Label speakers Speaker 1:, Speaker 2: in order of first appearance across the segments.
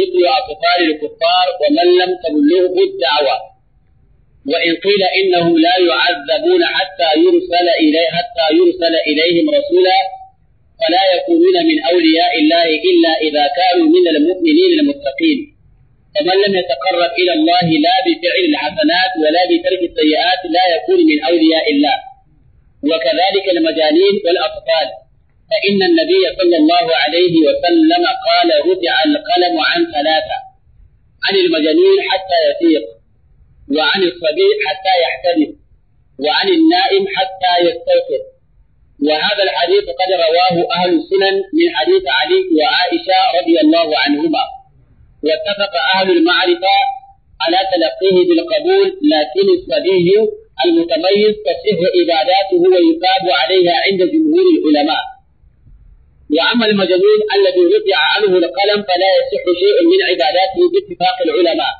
Speaker 1: مثل اعتقال الكفار ومن لم تبلغه الدعوة وإن قيل إنهم لا يعذبون حتى يرسل إليه حتى يرسل إليهم رسولا فلا يكونون من أولياء الله إلا إذا كانوا من المؤمنين المتقين فمن لم يتقرب إلى الله لا بفعل الحسنات ولا بترك السيئات لا يكون من أولياء الله وكذلك المجانين والأطفال فإن النبي صلى الله عليه وسلم قال رفع القلم عن ثلاثة عن المجنون حتى يفيق وعن الصبي حتى يحتمل وعن النائم حتى يستيقظ وهذا الحديث قد رواه أهل السنن من حديث علي وعائشة رضي الله عنهما واتفق أهل المعرفة على تلقيه بالقبول لكن الصبي المتميز تصح عباداته ويثاب عليها عند جمهور العلماء وأما المجنون الذي رفع عنه القلم فلا يصح شيء من عباداته باتفاق العلماء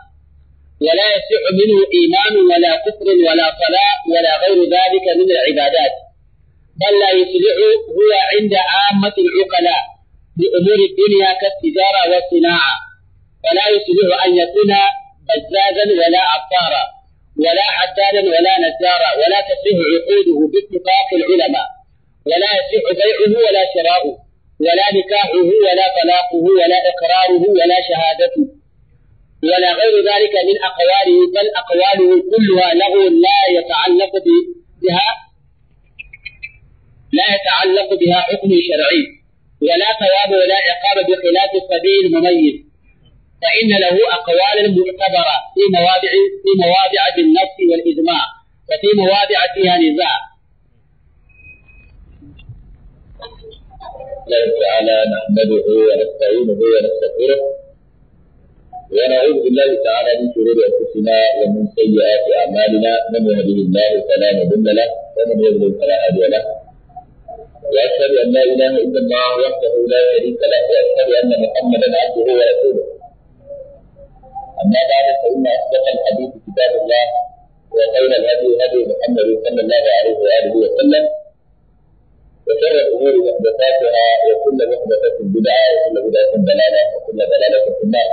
Speaker 1: ولا يصح منه إيمان ولا كفر ولا صلاة ولا غير ذلك من العبادات بل لا يصلح هو عند عامة العقلاء بأمور الدنيا كالتجارة والصناعة فلا يصلح أن يكون بزازا ولا عطارا ولا حدادا ولا نزارا ولا تصح عقوده باتفاق العلماء ولا يصح بيعه ولا شراؤه ولا نكاحه ولا طلاقه ولا إقراره ولا شهادته ولا غير ذلك من أقواله بل أقواله كلها له لا يتعلق بها لا يتعلق بها حكم شرعي ولا ثواب ولا عقاب بخلاف السبيل المميز فإن له أقوالا معتبرة في مواضع في مواضع بالنص والإجماع وفي مواضع فيها نزاع الله تعالى نحمده ونستعينه ونستغفره ونعوذ بالله تعالى من شرور انفسنا ومن سيئات اعمالنا من يهده الله فلا مضل له ومن يضلل فلا هادي له واشهد ان لا اله الا الله وحده لا شريك له واشهد ان محمدا عبده ورسوله اما بعد فان اصدق الحديث كتاب الله وخير الهدي هدي محمد صلى الله عليه واله وسلم وشر الأمور محدثاتها وكل محدثة بدعة وكل بدعة ضلالة وكل ضلالة في النار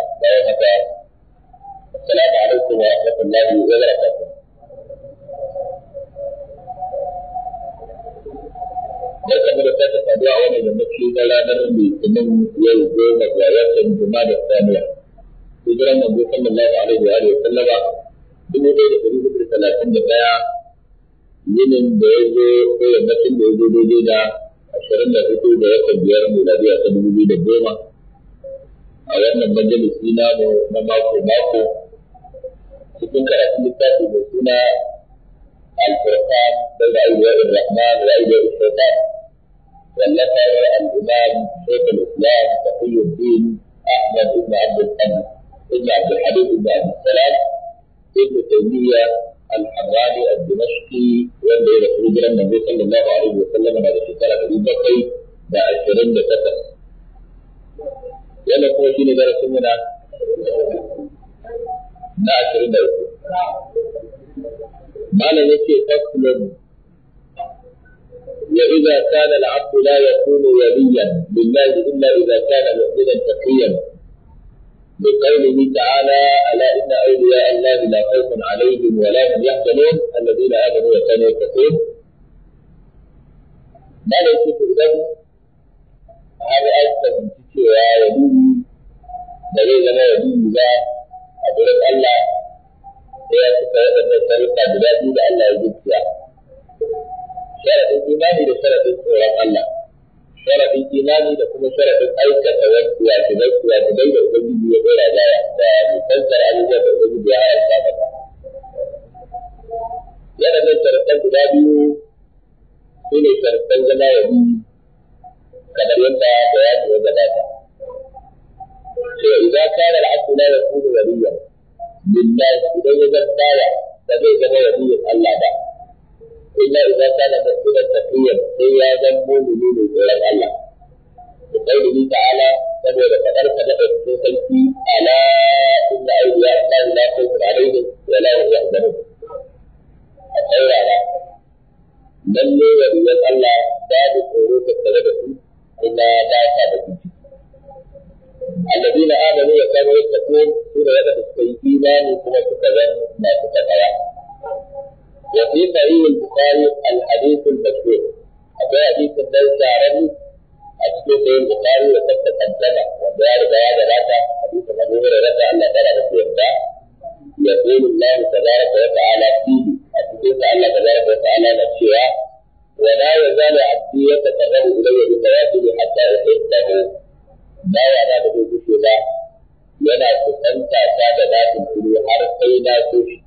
Speaker 1: السلام عليكم ورحمة الله
Speaker 2: وبركاته
Speaker 1: Barka da sake saduwa wani da na ranar Litinin yau goma ga watan Juma'a Saniya. Hijiran Manzo sallallahu alaihi wa sallama dubu ɗaya da ɗari hudu da talatin da ɗaya yinin da ya zo ko yammacin da ya zo daidai da ashirin da hudu da watan biyar miladiya ta dubu biyu da goma a wannan majalisi namu na mako mako cikin karatun littafi mai suna الفرقان بين أولياء الرحمن وأولياء الشيطان والنفر الإمام شيخ الإسلام تقي الدين أحمد بن عبد الحميد بن عبد الحميد بن عبد السلام ابن تيمية الحراج الدمشقي وده رسول الله النبي صلى الله عليه وسلم بعد الشكالة أبو بكر بعد شرين بكتر يلا كوشين إذا رسول منا نا شرين بكتر ما لن يكي فصل وإذا كان العبد لا يكون وليا لله إلا إذا كان مؤمنا تقيا بقوله تعالى ألا إن أولياء الله لا خوف عليهم ولا هم يحزنون الذين آمنوا وكانوا يتقون ما ليس إذن هذا أكثر من cewa ya dubi da zai zama ya dubi ba a gurin Allah sai ya cika waɗannan sharuɗa guda biyu da Allah ya zuciya. da Allah. sharafin imani da kuma sharafin aikata wasu wajibai wajibai da ubangiji ya tsora da da mutantar abubuwan da ubangiji ya halatta maka yana da sharafin guda biyu su ne sharafin zama ya bi kamar yadda bayani ya gabata
Speaker 2: to idan kana al'abdu
Speaker 1: la yakunu waliyan lillahi idan ya zama bawa ba zai zama waliyan Allah ba إلا إذا كان مؤمنا تقيا هي ذنب مؤمن غير الله وقوله تعالى فهو لقد ارتبط بخلقه ألا إن أولياء الله لا خوف عليهم ولا هم يحزنون الخير على من لي ولي الله باب الخروج التربط إلا لا تعبد
Speaker 2: الذين آمنوا
Speaker 1: وكانوا يتقون حين يبدو السيئين كما في
Speaker 2: في صحيح البخاري الحديث
Speaker 1: المشهور أبي حديث الدرس العربي أسلوب البخاري وقد تقدم وجاء رواية رفع حديث أبو هريرة أن ترى رسولنا يقول الله تبارك وتعالى فيه أتيت الله تبارك وتعالى نفسها ولا يزال عبدي يتقرب إلي بنوافل حتى أحبه ما يعنى به بشبه ينا تسمى أتى في الكل حرفين كشف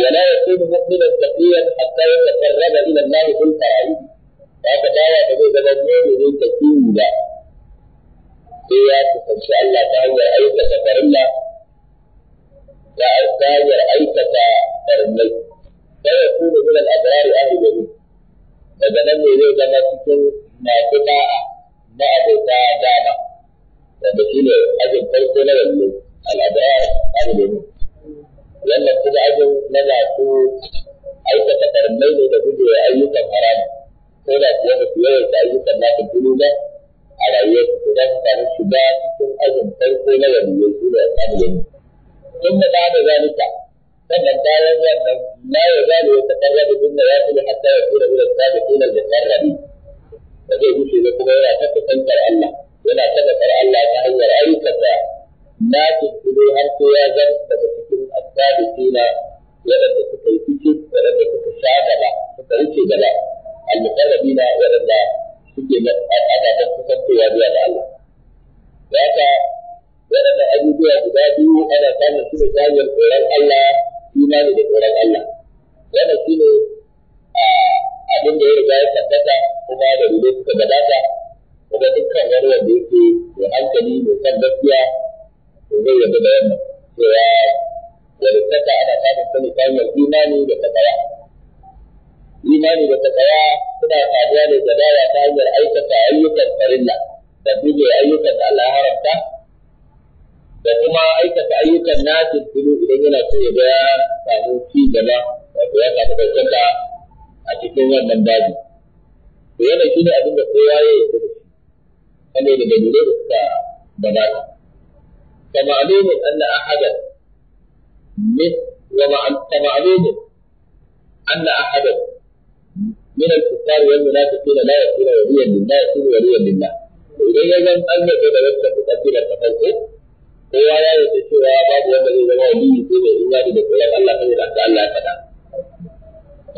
Speaker 1: ولا يكون مؤمنا تقيا حتى يتقرب الى الله بالفرائض وتداوى بذي بذنون وذي تكون لا هي ان شاء الله تعالى رايت سفر الله ارتاح ورايت سفر الله يكون من الابرار اهل الجنه daga nan ne zai zama cikin masu da'a na abota dama wanda shi ne ajin farko na wannan kuma ajin na masu aikata karamai ne da guje wa ayyukan haramun ko da kuwa ba su yawaita ayyukan na kuntulu ba a rayuwar su za su samu shiga cikin ajin farko na waliyyai su da samu yanzu. Tun da ba da zalika sannan bayan wannan ma ya zalu ya tafarra da jinna ya fi hatta ya tura da sabiqin da tarrabi da zai gushe da kuma yana ta kusantar Allah yana ta Allah ta hanyar ayyukan da na kuntulu har ko ya zan daga as-sabiqina waɗanda suka yi fice waɗanda suka sha gaba suka wuce gaba al-muqarrabina waɗanda suke da ababen kusantowa zuwa da Allah da haka waɗanda abubuwa guda biyu ana samun su Allah
Speaker 2: abin da ya riga ya
Speaker 1: tabbata kuma da suka gabata kuma dukkan wani wanda yake da hankali mai san gaskiya to zai yarda da wannan cewa walittaka ana samun ta ne ta hanyar imani da takawa imani da takawa suna saduwa ne da dawa ta hanyar aikata ayyukan farilla da duba ayyukan da Allah haramta da kuma aikata ayyukan nasin tulu idan yana so ya ga ya samu ci gaba wato ya samu ɗaukaka a cikin wannan daji. to yana shi ne abin da kowa ya yi da shi da dalilai da suka gabata. Kama alimin Allah ahadan ومعلوم ان احدا من الكفار والمنافقين لا يكون وليا لله يكون وليا لله وإذا لم أنزل بين نفسك تقديم التفلسف هو لا يتشوى بعض الذي هو ولي دين الإيمان بقولك الله خير أنت ألا أبدا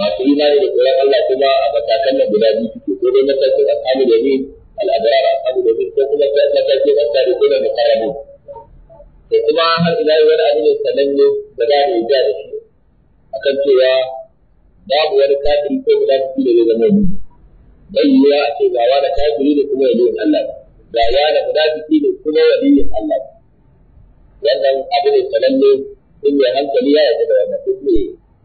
Speaker 1: ما في إيمان بقولك الله كما أبتكلم بلادي كما مثل أصحاب اليمين الأبرار أصحاب اليمين كما مثل أصحاب اليمين المقربون da kuma har ina yi wani abu ne sananne da za mu ja da shi a kan cewa babu wani kafin ko munafiki da zai zama mu dan yi a ce ga wani kafin ne kuma waliyin Allah ga wani munafiki ne kuma waliyin Allah wannan abu ne sananne in mai hankali ya yarda da wannan duk ne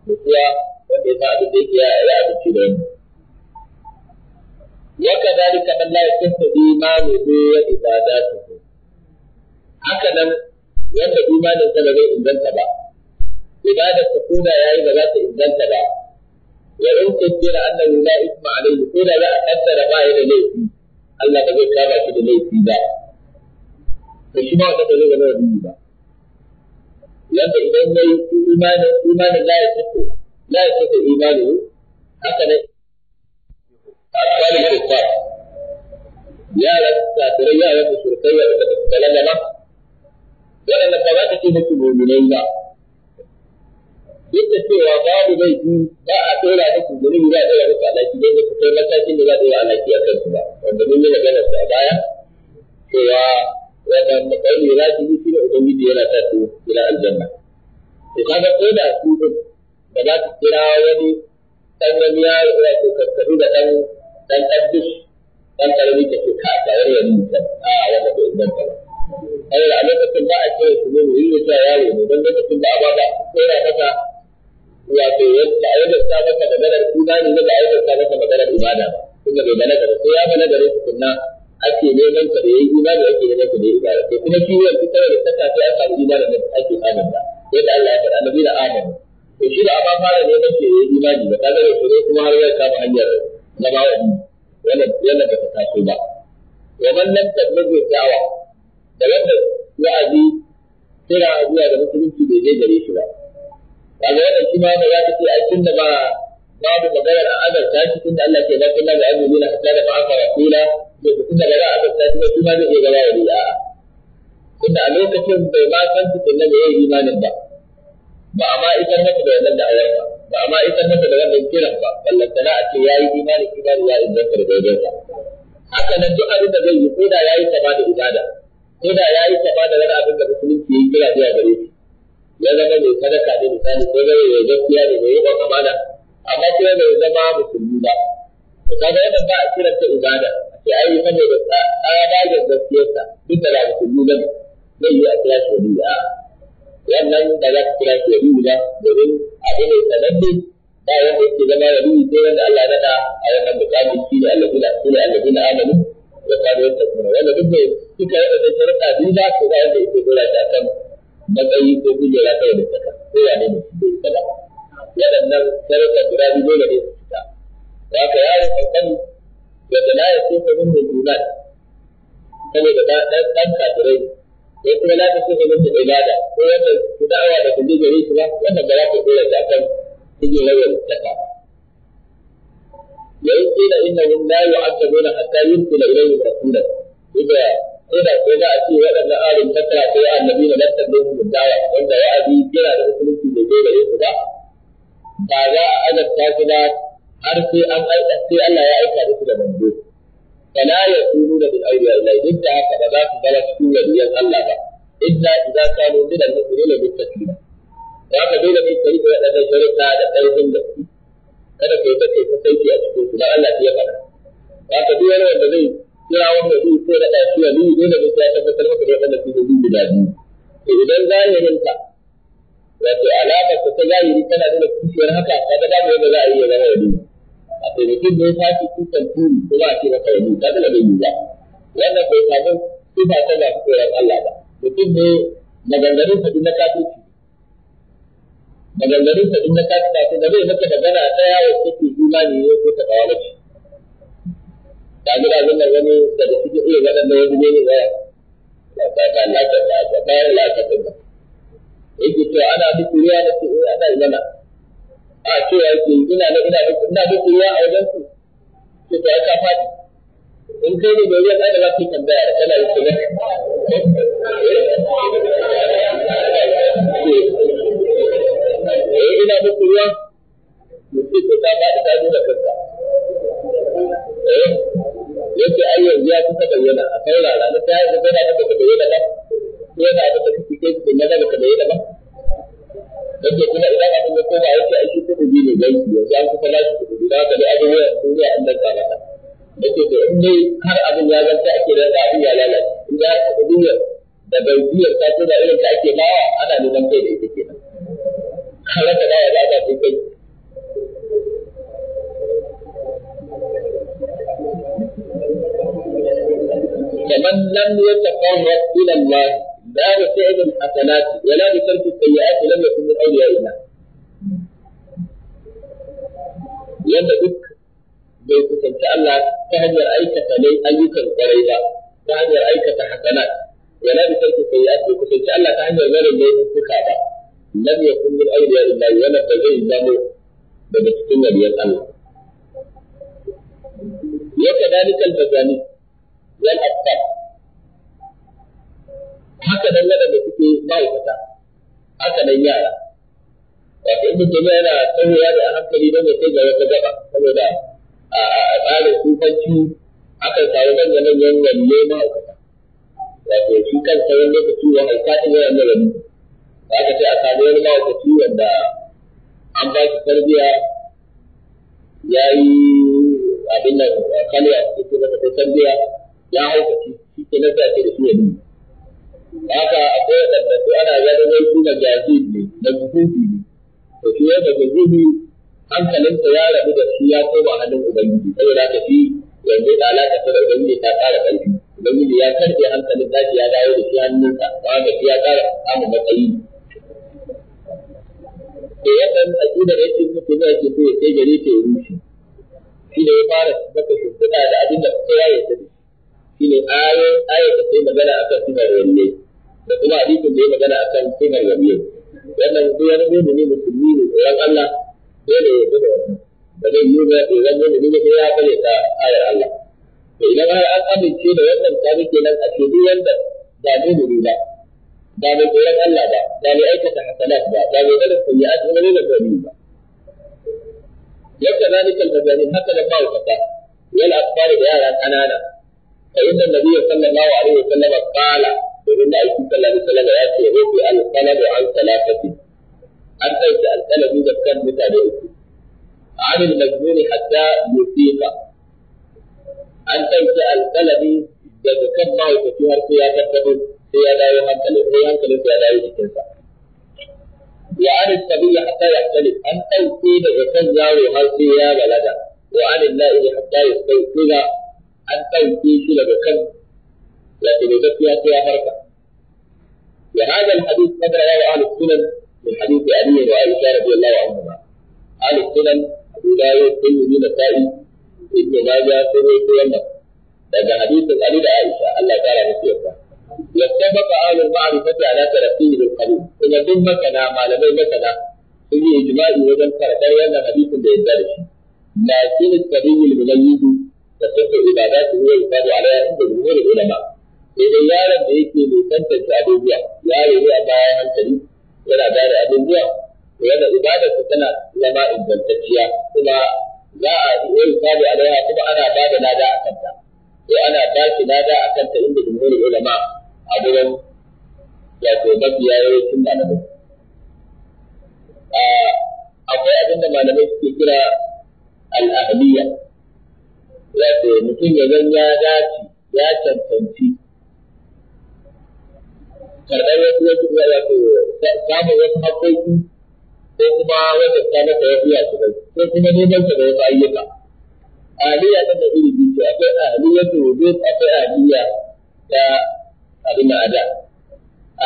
Speaker 1: mutuwa wanda ya san abin da yake ya abinci da wannan وكذلك من لا يصح ibadatu Haka nan. wanda imanin sa ba zai inganta ba ibada ta koda yayi ba za ta inganta ba wa in kaddara annahu la isma alayhi koda za a kaddara ba ya da laifi Allah ba zai kaba shi da laifi ba to shi ba da dole ne da wani ba yadda idan yayi imanin imanin la yasifu la yasifu imanu haka ne akwai kuffar yaran kafirai yaran tare da ba su balaga ba waɗanda ba za ka ce musu mummunai ba duk da cewa babu laifi ba a tsora musu zunubi za a tsora musu alaki don da kusan matakin da za a tsora alaki a kansu ba wanda mun yi maganar su a baya cewa wanda matsayin da za su yi shi ne ubangiji yana sa su gina aljanna to kaga ko da su din ba za su kira wani ɗan wani ya wato karkaru da ɗan ɗan ɗan dus ɗan ƙarami ka ce ka a tsayar yanzu
Speaker 2: a wanda bai inganta ba saboda a
Speaker 1: lokacin ba a ce su ne mu yi wuta yaro ne don lokacin ba a ba ba tsora masa wato yadda a yadda ta masa maganar imani ne ba a yadda ta masa maganar ibada Kuma bai balaga ba sai ya balaga ne tukunna ake neman ka da yayi imani ake neman ka da yayi ibada to kuma shi yanzu saboda saka sai aka yi imani da ake samun ba yadda Allah ya faɗa annabi da Adam to shi da aba fara neman ka yayi imani ba kaga da shi kuma har ya kama hanyar zama wani wannan yana ba ta taso ba wa man lam tablighu da'wa da wanda wa'azi kira zuwa da musulunci bai je gare shi ba kaga wannan kuma da za ka ce a tunda ba babu maganar a azarta shi tunda Allah ke zafin na ga abubuwan hatta da ba aka rasula da tun da ba za a azarta shi ba kuma zai iya gaba da ri'a tunda a lokacin bai ma san tukunna da yi imanin ba ba a ma isar masa da wannan da'awar ba ba a ma isar masa da wannan kiran ba ballantana a ce ya yi imanin imani ya inganta da daidai ba haka nan duk abin da zai yi ko da ya yi sama da ibada ko da ya yi saba da wani abin da musulunci ya kira zuwa gare shi ya zama mai sadaka ne misali ko zai yi gaskiya ne yi yawan amana amma kuma bai zama musulmi ba to kaga wannan ba a kiran ta ibada sai ai saboda tsabagen gaskiyarsa duk da ba musulmi ba zai yi a kira shi wani a wannan da za ka kira shi wani ba domin abu ne sananne ba wanda yake zama wani sai wanda Allah ya nada a wannan mukamin shi ne Allah ya kula Allah ya amanu da kariyar ta kuma wanda duk da suka yi da sarƙa yake kan matsayi ko da saka ko ya ne waɗannan sarƙa guda biyu dole ne su fita yaro kankan da ya so ka min saboda ɗan ɗan kafirai kuma ta so ka min da ibada ko wanda su da'awa da kuma gare su ba wannan ba za kan da saka وإن قيل إنهم لا يعذبون حتى يرسل إليهم رسولا إذا إذا كذا أتي وأن آل الفترة في الذين لم تبلغهم الدعوة وأن وأبي كلا لمسلم في الجيل يسبع فذا أدب كافرات أرسي أم ان ألا يعيش مثل منذور فلا يكونون من أولياء الله ضد هكذا ذاك بلد في وليا الله إلا إذا كانوا من المؤمنين بالتكليف. ذاك بين في الطريق وأن شركة هذا قيد kada ka yi ta ce ta sauki a cikin su Allah ya faɗa ka duk wani wanda zai kira wanda zai ko da ɗaci a ni dole ne ya tabbatar maka da wannan cikin zubi guda biyu to idan zahirin ka wato alama ta ta zahiri kana nuna kuciyar haka ga da yadda za a ya zama wani a taimakon da ya fashi kusan turi ba a ce maka wani ka da bai yi ba wannan bai samu sifa ta masu tsoron Allah ba mutum ne maganganun ka duk na kafirci maganganun sa in na kasu ba su da zai maka magana ɗaya wa kuke imani ne ko ta kawo mace ta gida abin da wani daga cikin iya waɗanda wani ne ne waya ta ta ta ta ta ta bayan la'akata ba yake cewa ana duk ruwa da ce eh, ana imana a cewa yake ina na ina da ina duk ruwa a wajen su ce ta ka faɗi in kai ne da ruwa da za ka tambaya kana yi kuma eh. eh ina muku ruwa mutu ko ta ba da nuna kanka eh
Speaker 2: yace ai yanzu ya kusa bayyana a kai rana na
Speaker 1: ta yanzu bai da ka bayyana ba ko yana da ka kike ku na da ka bayyana ba
Speaker 2: dan ke kuma idan abin da kowa yake ai shi
Speaker 1: ko da ne gai yanzu an kusa lashi ku da ka da abin ya sun ya Allah ka mata yake to in dai har abin ya zanta ake da abin ya lalace in ya ka duniyar da bai gaujiyar ta ce irin ta ake bawa ana neman kai da ita kenan halatta ba ya ba ta sai kai فمن لم يتقرب إلى الله لا بفعل الحسنات ولا بترك السيئات لم يكن من أولياء الله. yadda duk bai kusanci Allah ta hanyar aikata dai ayyukan kwarai ba ta hanyar aikata hasanat yana da sarki sai ya bai kusanci Allah ta hanyar zarin da ya ba lam yakun min awliya illahi wala ba zai zamo daga cikin waliyan Allah ya kadalika al-bazani wal asfar haka nan wadanda suke ma'aikata haka nan yara wato ibn jami'a yana tsawoya da hankali don ya kai ga wata gaba saboda a tsarin kufanci akan samu manyan manyan wanne ma'aikata wato shi kansa wani lokaci wa haifa ɗin yana da da aka ce a samu wani ma'aikaci wanda an ba shi tarbiyya ya yi abin nan kane a cikin masa ta tarbiyya ya haukaci shi ke nasa ce da shi ya Ba ka haka akwai waɗanda su ana ganin wai su na jazid ne, na zuzufi ne. To shi ya da zuzufi hankalinsa ya rabu da shi ya koma hannun Ubangiji, saboda haka fi yanzu da alaƙa ta da Ubangiji ta ƙara ƙarfi. Ubangiji ya karfe hankalin ɗaki ya dawo da shi hannunsa, ba ka shi ya ƙara samun matsayi. da wannan da yake mutu ya ke so ya kai gare ta ya rushe shi ne ya fara maka shimfiɗa da abin da kowa ta ne shi ne ayar ayar da sai magana kan sunar wanne da kuma hadisin da ya magana kan sunar wanne wannan duk wani ne musulmi ne tsoron Allah dole ya gudu da zai yi ba ya zama mu'mini ba ya kare ta ayar Allah to idan an amince da wannan kabi kenan a ce duk wanda ba mu'mini ba da mai tsoron Allah ba da mai aikata hasanat ba da mai barin sayyi'at wani ne da gari ba yadda zalikal mazalim haka da bawo kata yal asfari da yara kanana fa inna nabiyyu sallallahu alaihi wa sallam qala domin da aiki sallallahu alaihi wa sallam ya ce rufi al-qalbu an salatati an dauke al-qalbu da kan mutane uku عن المجنون حتى يفيق أن تنسى القلب إذا تكبر وتكبر فيها تكبر sai ya dawo hankali sai hankali sai ya dawo jikinsa wa an sabila hatta ya tsali an ɗauke daga kan yaro har sai ya balaga wa an na'ibi hatta ya tsauƙila an ɗauke shi daga kan wato da gaskiya sai ya farka وهذا الحديث قد رواه اهل السنن من حديث ابي وعائشه رضي الله عنهما. اهل السنن ابو داود الترمذي النسائي ابن ماجه سوى سوى daga hadisin Ali da Aisha Allah ya kara musu yarda واتفق أهل المعرفة على تلقيه للقبول إن دم مكنا ما لم مكنا إن إجماع وزن كرتر وأن حديث بإنزاله لكن السبيل المميز تصح عباداته يفاد عليها عند جمهور العلماء إذا يعلم بيك من لا أبوبيا يعلم أما يهمتني ولا دار أبوبيا وأن عبادته سنة لما إذا كما ثم لا yi sabi alaiha kuma ana ba da lada a kanta ko ana ba shi lada a gidan wato yi yawancin malamai. Akwai abin da malamai suke kira al'ahliya, wato mutum ya zan ya dace ya cancanci karɓar wasu wasu wato samun wasu haƙoƙi ko kuma wata ta masa wasu yasu ko kuma neman sa da wasu ayyuka. Ahliya ɗan da iri biyu akwai ahliyatu wujud akwai ahliya ta abin da ada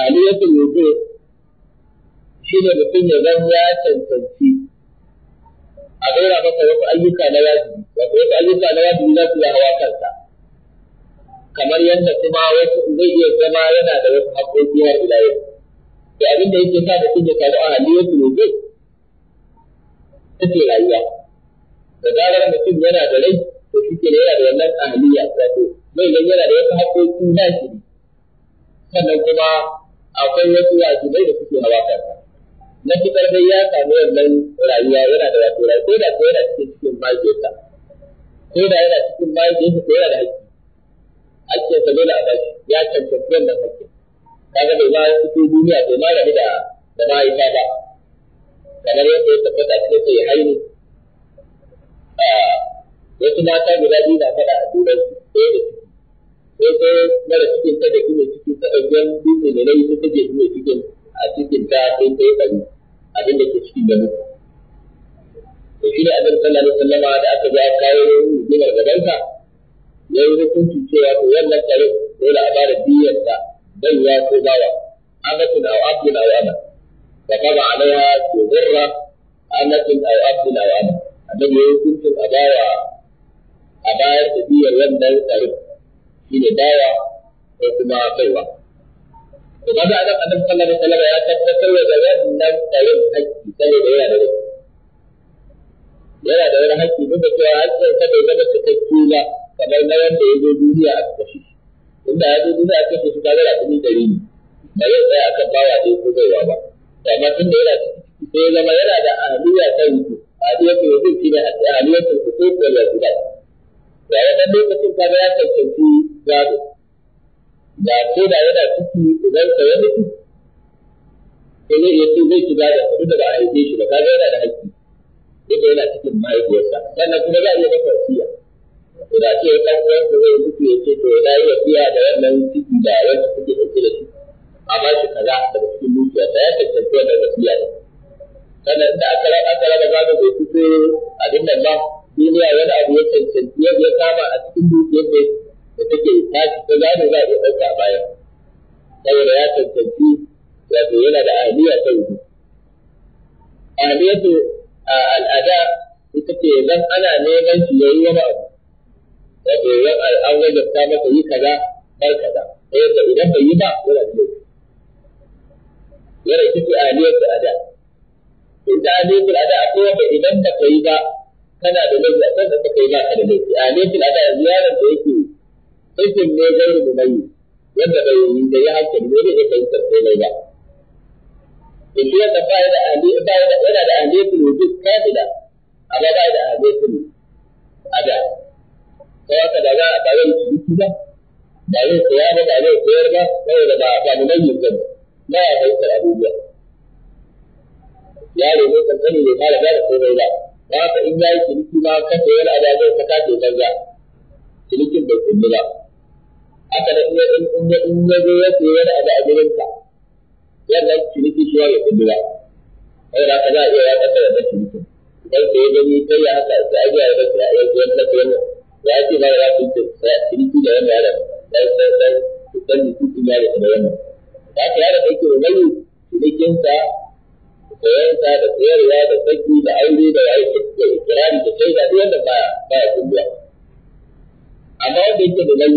Speaker 1: aliyatul wudu shi ne mutum ya zan ya cancanci a gaira masa wasu ayyuka na wajibi wato wasu ayyuka na wajibi za su hawa kansa kamar yadda kuma wasu zai iya zama yana da wasu haƙoƙi har ila yau to abin da yake sa mutum ya samu a aliyatul wudu take rayuwa da zarar mutum yana da rai to shi ke yana da wannan ahliya wato mai zan yana da wasu haƙoƙi na shi sannan kuma akwai wasu wajibai da suke hawa kansa matukar dai ya samu wannan rayuwa yana da wato rayuwa ko da ko yana cikin cikin mahaifiyarsa da yana cikin mahaifiyarsa ko yana da haƙƙi haƙƙin sa dole a bashi ya cancanci wannan haƙƙin kaga bai ma fito duniya bai ma rabu da da mahaifa ba kamar yadda ya tabbata cikin sai haini ah, wasu mata guda biyu na faɗa a duran ɗaya da ciki sai sai mara cikin ta da kuma cikin ta ɗauken dutse da nauyi ta take kuma cikin a cikin ta sai sai ɗari abin da ke cikin da mutu. To shi ne abin sallallahu sallama da aka ga kawo rigimar gabansa ya yi hukunci cewa ko wannan tsarin dole a bada diyarsa bai ya ko bawa amatun au abdun au ama. Fa kaba alaiha to zurra amatun abin abdun au a Annabi ya yi hukuncin a bawa a bayar da diyar wannan tsarin shi ne bawa ko kuma baiwa. To ba za a nan annabi sallallahu alaihi wasallam ya tabbatar da wannan tsayin haƙƙi da yana da Yana da wani haƙƙi duk da cewa haƙƙin sa bai zama cikakke ba kamar na wanda ya zo duniya a kashe shi. Inda ya zo duniya a kashe shi ta zara kuɗi gari ne. Ba zai tsaya akan bawa ɗaya ko baiwa ba. Amma tun da yana ciki sai zama yana da ahliya ta wuce. Ahliyatu wuce shi ne ko huquq wal da wannan lokacin ka ya cancanci gado da ko da yana ciki idan ka ya mutu to zai iya zai ci gado duk da a haife shi ba kaga yana da haƙƙi duk da yana cikin mahaifiyarsa sannan kuma za a iya masa wasiya to da ce ɗan uwansa zai mutu ya ce to na yi siya da wannan ciki da wacce kuke ɗauke da shi a ba shi kaza daga cikin dukiyarsa ya cancanci wannan wasiya sannan da aka raba gado bai fito abin nan ba duniya wani abu ya cancanci ya kama a cikin dukiyar da da take tashi ta gado za a iya ɗauka a baya saboda ya cancanci wato yana da ahliya ta wuce ahliyatu al'ada ita ce zan ana neman shi ya yi wani abu wato yan an wajabta masa yi kaza bar kaza ta yadda idan bai yi ba yana da yau yana ita ce ahliyatu al'ada ita da al'ada akwai wanda idan ba ka yi ba kana da laifi a kan da suka yi ba da laifi a laifin a da ziyarar da yake ikin ne gairi mu mai yadda bai yi da ya haka ne ne zai fahimtar mai ba to shi yadda ba ya da ahli ba ya da yana da ahliyatu wujud kafida amma ba ya da ahliyatu ada sai haka da za a ba yau ciki ba ba zai saya ba ba zai sayar ba saboda ba ba mu nan yin gaba ba ya fahimtar abubuwa Ya ne kan sani ne ba da ba da komai ba da haka in ya yi ciniki ma kasa yana da zai ta kace banza cinikin bai kullu ba haka da in in in ya zo ya sayi yana da abin ka wannan ciniki shi ya kullu ba sai da ka za iya ya kasa da cinikin idan sai ya gani sai ya haka sai a biya da kira ya ce wannan kira ya ce ba za ku ce ciniki da wannan yaron dan dan dan dan ciniki ya da wannan haka yaron da yake da mai cinikin sa da yanka da sayarwa da sabbi da aure da aiki da ikirari da shaida duk wannan baya baya kulliya amma wanda yake da ya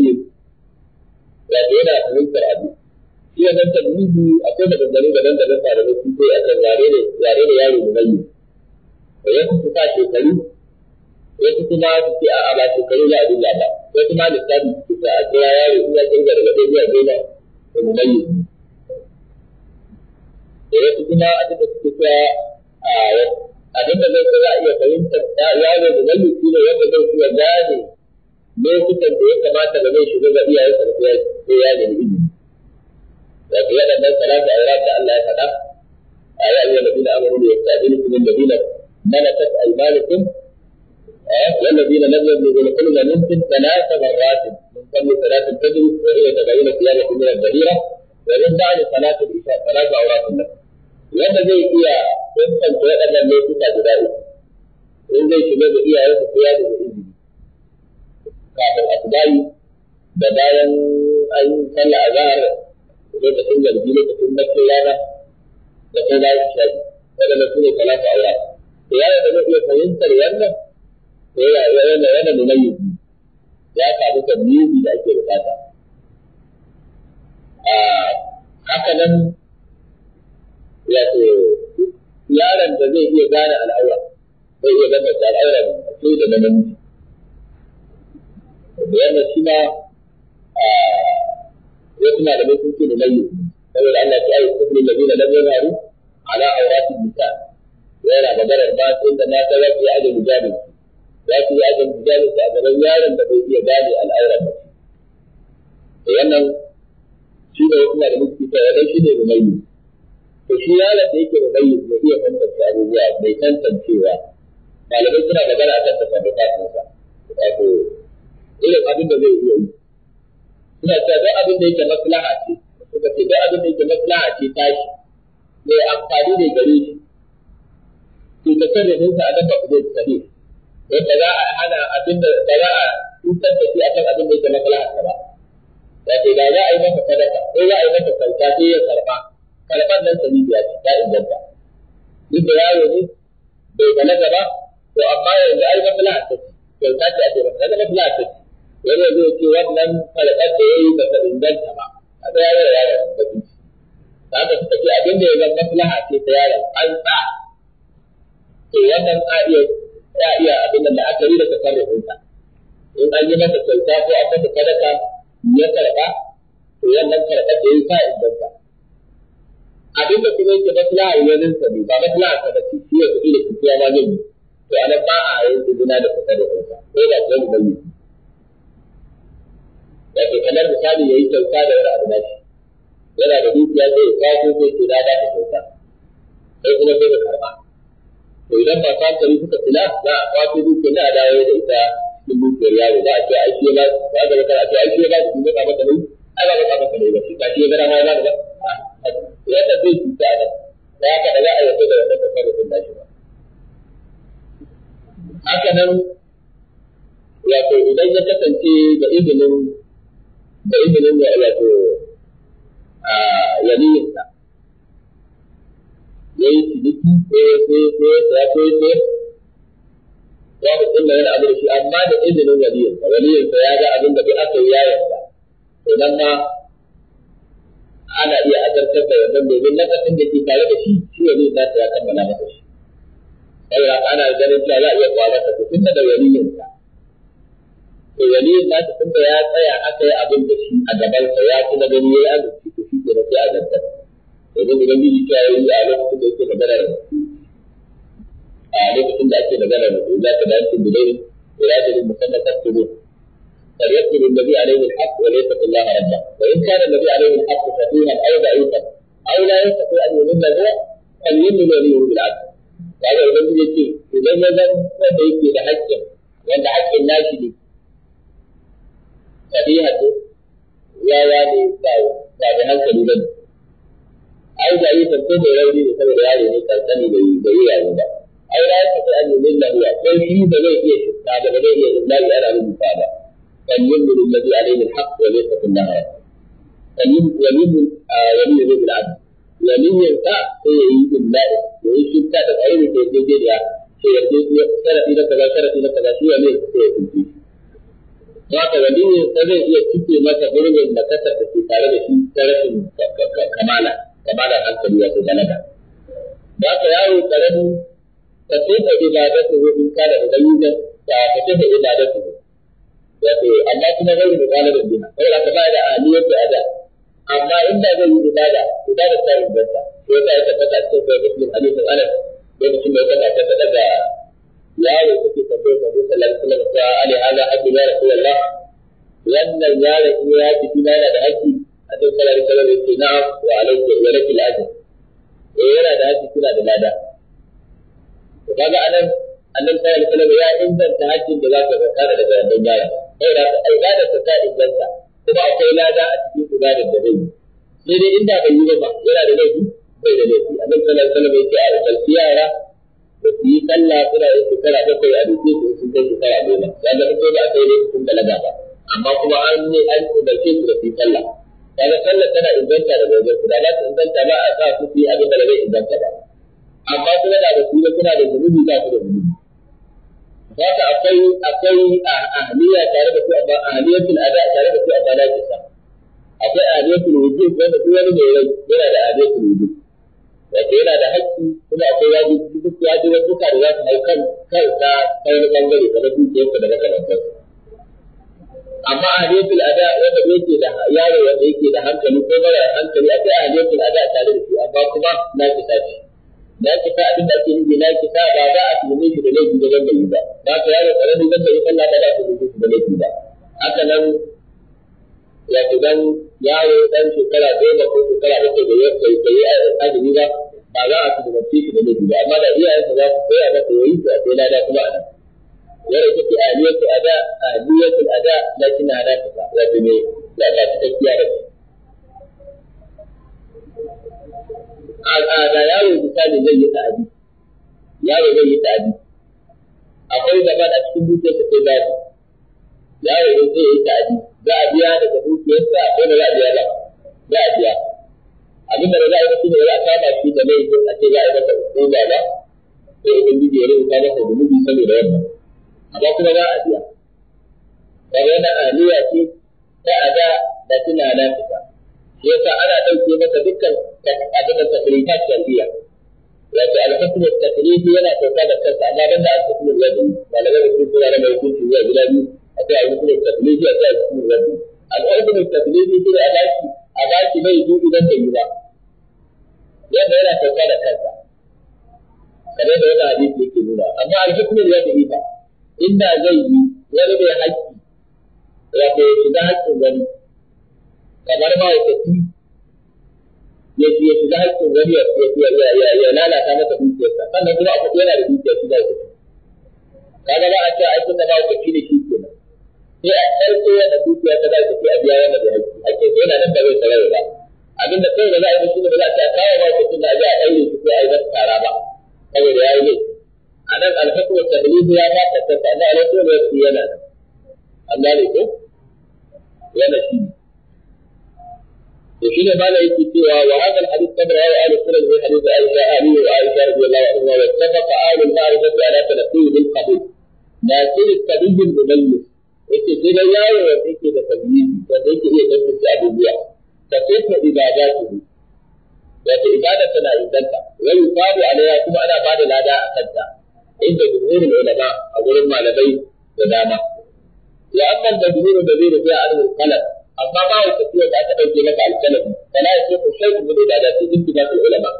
Speaker 1: wato yana fahimtar abu shi wannan tarihi akwai maganganu daban-daban tare da su sai akan yare yare da yaro da nauyi da yanku su sa shekaru wasu kuma su ce a ba shekaru za a duba ba wasu ma lissafi su ce a kira yaro in ya kirga daga ɗaya zuwa goma da mu da yadda kuma abin da suke cewa abin da zai ce za a iya fahimtar yaro da shi ne wanda zai iya gane lokutan da ya kamata da zai shiga ga iyayensa ko ya nemi ilimi. Wato waɗannan salatu aurat da Allah ya faɗa a ya iya da bina amuru da ya sa bin kuma da bina malakat aimanukum والذين لم يبلغوا الحلم منكم ثلاث مرات من قبل ثلاث تدرس وهي تبين ثيابكم من البريرة ومن بعد صلاة العشاء ثلاث أوراق لكم wanda zai iya tantance waɗannan lokuta guda uku in zai shiga da iyayensa ko ya da izini kafin a bayi da bayan an sallah azhar lokacin garbi lokacin bakin rana da kuma bayan shafi waɗanda su ne talata aura to ya da zai iya fahimtar wannan yi yana da yana nuna yubi ya samu tabbibi da ake bukata ah, haka nan wato yaron da zai iya gane al'aura zai iya gane al'aura sai da namiji da yana shi ma wasu da sun ce da layu da Allah ta ayyuka kuma lalina lam yazharu ala awratin nisa yana maganar ba sai da mata za su yi ajin hijabin za su yi ajin hijabin a gaban yaron da zai iya gane al'aura ba wannan shi da wasu malamai suke cewa dan shi ne rumayi to shi yaron da yake da bayyana bai iya tantance abubuwa bai tantancewa malamai suna magana akan tasarrufatinsa wato irin abin da zai iya yi suna cewa duk abin da yake maslaha ce suka ce duk abin da yake maslaha ce tashi mai amfani ne gare shi to tasarrufinsa a nan ba ku zai tasarruf yadda za a hana abin da ba za a cutar da shi akan abin da yake maslaha ba wato da za a yi masa sadaka ko za a yi masa kyauta sai ya karba kalmar nan sabibiya ce ta inganta duk da yaro ne bai balaga ba to amma yanzu ai maslaha ta to kyauta ce a taimaka kaga maslaha ta ce wani yanzu ya ce wannan kalmar da ya yi ba ta inganta ba a ga yaro da yaro da su ta haka suka ce abin da ya zama maslaha ce ta yaron an sa to wannan a iya ya iya abin da aka yi da tasarrufinsa in an yi masa kyauta ko an masa sadaka ya karɓa to wannan karɓar da ya sa inganta abin da kuma yake maslaha wajen sa ne ba maslaha sa ba ce shi ya kuɗi da kuɗi ma zai to a nan ba a yin izina da fita da kansa ko da kuma mu bayyana wato kamar misali yayi kyauta da wani abu na shi yana da dukiya sai ya kwaso sai ce na ta kyauta sai kuma sai ka karɓa to idan ba fasari suka kula za a kwato dukiyar da a dawo da ita cikin dukiyar yaro za a ce ai shi ba za a ga ba a ce ai shi ba su ba ka mata ne ai ba ka mata ne ba shi ba shi ya gara ma ya ba ba wannan zai cuta nan da haka da za a yarda da wannan tasarrufin nashi ba haka nan wato idan ya kasance da izinin da izinin ya wato a waliyinsa ya yi ciniki ko ya sai ko ya saya ko ya sayar ya mu tsinna wani abu da shi amma da izinin waliyinsa waliyinsa ya ga abin da bai aka yi ya yarda to ma ana iya zartar da wannan domin lakasin da ke tare da shi shi ne zai ta ya kammala masa shi saboda ana ganin cewa za a iya kwalar ta, tun da waliyin ka to waliyin na ta tun da ya tsaya aka yi abin da shi a gaban sa ya kuma gani ya yi azurci to shi ke na sai a zartar domin idan biji cewa ya yi a lokacin da yake magana a lokacin da ake magana da za ta dace da dai irajirin musamman tattalin فليكتب النبي عليه الحق وليس الله ربه وان كان النبي عليه الحق فقيها او ضعيفا او لا يستطيع ان يمن هو فليمن الولي بالعدل هذا هو الذي يجي مجددا فسيجي بحج وان حج الناس لي فقيها لا يعني لا بحج الولد او ضعيفا كل غيره بسبب هذه النقطه الثانيه اللي بيقولها هذا او لا يستطيع ان يمن هو فليمن الولي بالعدل هذا هو الذي يجي مجددا فسيجي بحج أن يؤمن الذي عليه الحق وليس كلها ولي ولي ولي العدل ولي ينفع هو يد الله ويش بتاعت عين في الجزيرة في الجزيرة ترى إلى كذا ترى إلى كذا شو يعني شيء تجي ذاك ولي كذا هي تجي ما تقولون ما كتب في طالب شيء تارة كمالا كمالا حتى لو تجلد ذاك يا هو كلام تسيب عبادته إن كان مدينا فتسيب عبادته wato amma kuma zai rubuta da bima saboda haka ba da aliyar da ada amma inda zai yi ibada ibada ta rubuta ko ta yi tabbata cikin sai muslim hadisin anas lokacin da ya tabbata ta daga yaro take tambayar da Musa sallallahu alaihi wasallam ta ali hada haddu ya rasulullah wannan yaro in ya ci bima yana da haƙƙi a cikin sallallahu alaihi wasallam yace na'am wa alayka wa lakil ajr eh yana da haƙƙi kina da lada kaga anan annabi sallallahu alaihi wasallam ya inganta haƙƙin da zaka zakara daga wannan yaro sai da ka ibada ta ta inganta kuma akwai lada a cikin ibadar da zai yi. sai dai inda bai yi ba yana da laifi bai da laifi annabi sallallahu alaihi wasallam yake a kalfi yara da su yi sallah suna yin shekara bakwai a dutse su sun kai shekara goma ya zama sai da akwai lokacin balaga ba amma kuma an ne an umarce su da su yi sallah kaga sallah tana inganta da gobe su da za su inganta ba a sa su yi abin da bai inganta ba amma kuma da ba suna da zunubi ba su da zunubi Zaka akwai akwai ahliya tare da su amma ahliyatul ada tare da su amma na kisa. Akwai ahliyatul wujud wanda duk wani mai rai yana da ahliyatul wujud. Wato yana da haƙƙi kuma akwai wajibi duk wajibi duka da za su hau kan kansa ta wani ɓangare kamar dukiyarsa da makamantarsa. amma ahliyatul ada wanda yake da yaro wanda yake da hankali ko mara hankali akwai ahliyatul ada tare da su amma kuma na kisa ce. na kisa abin da ke nufi na kisa ba za a tuhume shi da laifi da dandali ba ba ka yaro karami dandali sallah ba za a tuhume shi da laifi ba haka nan ya ku dan yaro dan shekara goma ko shekara bakwai da ya a azumi ba ba za a tuhume shi da laifi ba amma da iyayensa za su koya masa yayi to akwai lada kuma a nan wanda take aliyatu ada aliyatu ada lakin ada ta wato ne ya ta ta cikakkiya da a da yaro misali zai yi ta'adi yaro zai yi ta'adi akwai gaba a cikin dukiyarsa sai babu yaro zai zai yi ta'adi za a biya daga dukiyarsa ko da za a biya ba za a biya abin da za a yi mutum da za a kama shi da laifin a ce za a yi masa hukuma ba sai ubangiji ya rubuta masa zunubi saboda wannan amma kuma za a biya kaga yana aliya ce ta ada da tunana fita yasa ana ɗauke masa dukkan abin da tafiya ta shafiya wato al-hukm at-taklif yana sauka da kansa amma ban da al-hukm al-wadi malamai da kuma da mai hukunci zuwa gida biyu kai al-hukm at-taklif akwai al-hukm al-wadi al-hukm at-taklif shi da adaki adaki mai yi idan bai yi ba yadda yana sauka da kansa Kada da wani hadisi yake nuna amma al-hukm al-wadi ba inda zai yi wani mai haƙƙi wato shiga haƙƙin wani kamar ma'aikaci ya ya shiga haƙƙin wani ya fiye ya ya lalata masa dukiyarsa sannan kuma a yana da dukiya shi ba kaga ba a ce ai tunda ma'aikaci ne shi ke kenan sai a ɗauko yana dukiya ta da kuke a biya wannan da haƙƙi ake ko yana nan ba zai sarara ba abin da kai ba za a yi shi ne ba za a ce a kawo ma'aikacin da a biya a ɗaure su ko a yi masa tara ba kawai da ya yi laifi a nan alfakuwar tablihu ya ba ta tattata na alhakumar yana nan an gane ko yana shi ne وشنو ما لا يكتبوا وهذا الحديث كبر هذا آل السنة من حديث آل آلي وآل رضي الله عنهما واتفق آل المعرفة على تلقيه بالقبيل ما سن القبيل المملس انت سنيا وانت تقليدي فانت هي تنفس العبودية فكيف عباداته لكن عبادة سنة عندك ويقال عليها ثم أنا بعد الأداء أخذتها عند جمهور العلماء أقول لهم على ودامه. سلامة وأما الذين الذي عنه القلق amma ba ya tafiya da aka ɗauke maka alƙalami fala ya ce ku sai ku bude da da su duk ba su ulama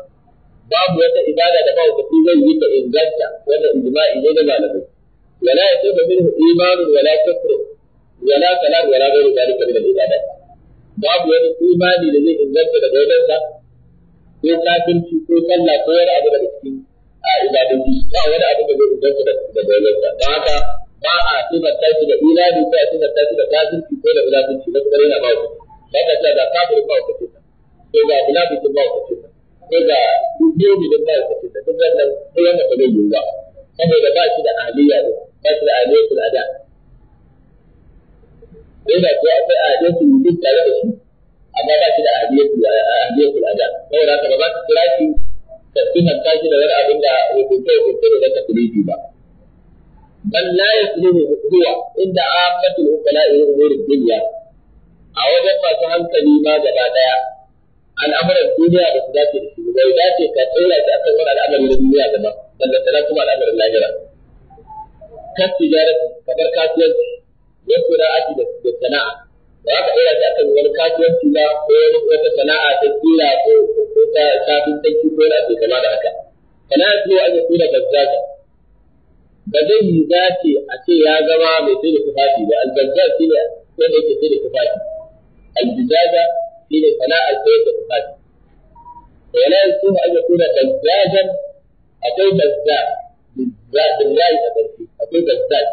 Speaker 1: babu wata ibada da ba ya tafi zai yi ta inganta wanda ijma'i ne na malamai wala ya ce ba minhu imanu wala kufru wala kalam wala ghairu zalika min al-ibadat babu wani imani da zai inganta da wajensa ko kafinci ko sallah ko wani abu daga cikin a ibadun ba wani abu da zai inganta da wajensa don haka ba a sifanta shi da imani ko a shi da kafirci ko da munafici da kuma yana ba ku ba ka cewa ga kafirin ba ku ce ko ga munafikin ba ku ce ko ga yobi da ba ku ce duk wannan ko yana ba zai yiwu saboda ba shi da aliyya ne ba shi da aliyyatul ada inda ko akwai aliyyatul yi tare da shi amma ba shi da aliyyatul ada saboda haka ba za ka kira shi ka sifanta shi da wani abin da hukunce hukunce da ka ba بل inda a هو عند عامة العقلاء من أمور الدنيا a wajen masu hankali ma gaba daya al'amuran duniya ba su dace da shi ba bai ka tsora shi akan wani al'amarin duniya da ba balla tana kuma al'amarin lahira kan tijarati kamar kasuwanci yan sana'ati da sana'a ba za ka tsora shi akan wani kasuwanci ba ko wani wata sana'a ta kila ko ta sabin tanki ko wani kama da haka sana'a ce wa an yi kuna ba zai yi dace a ce ya zama mai sai da tufafi ba albazar shi ne wanda yake sai da tufafi aljizaza shi ne sana'a sai da tufafi wala suna an yakuna bazzazan akwai bazzar bazzar rai a ƙarshe akwai bazzar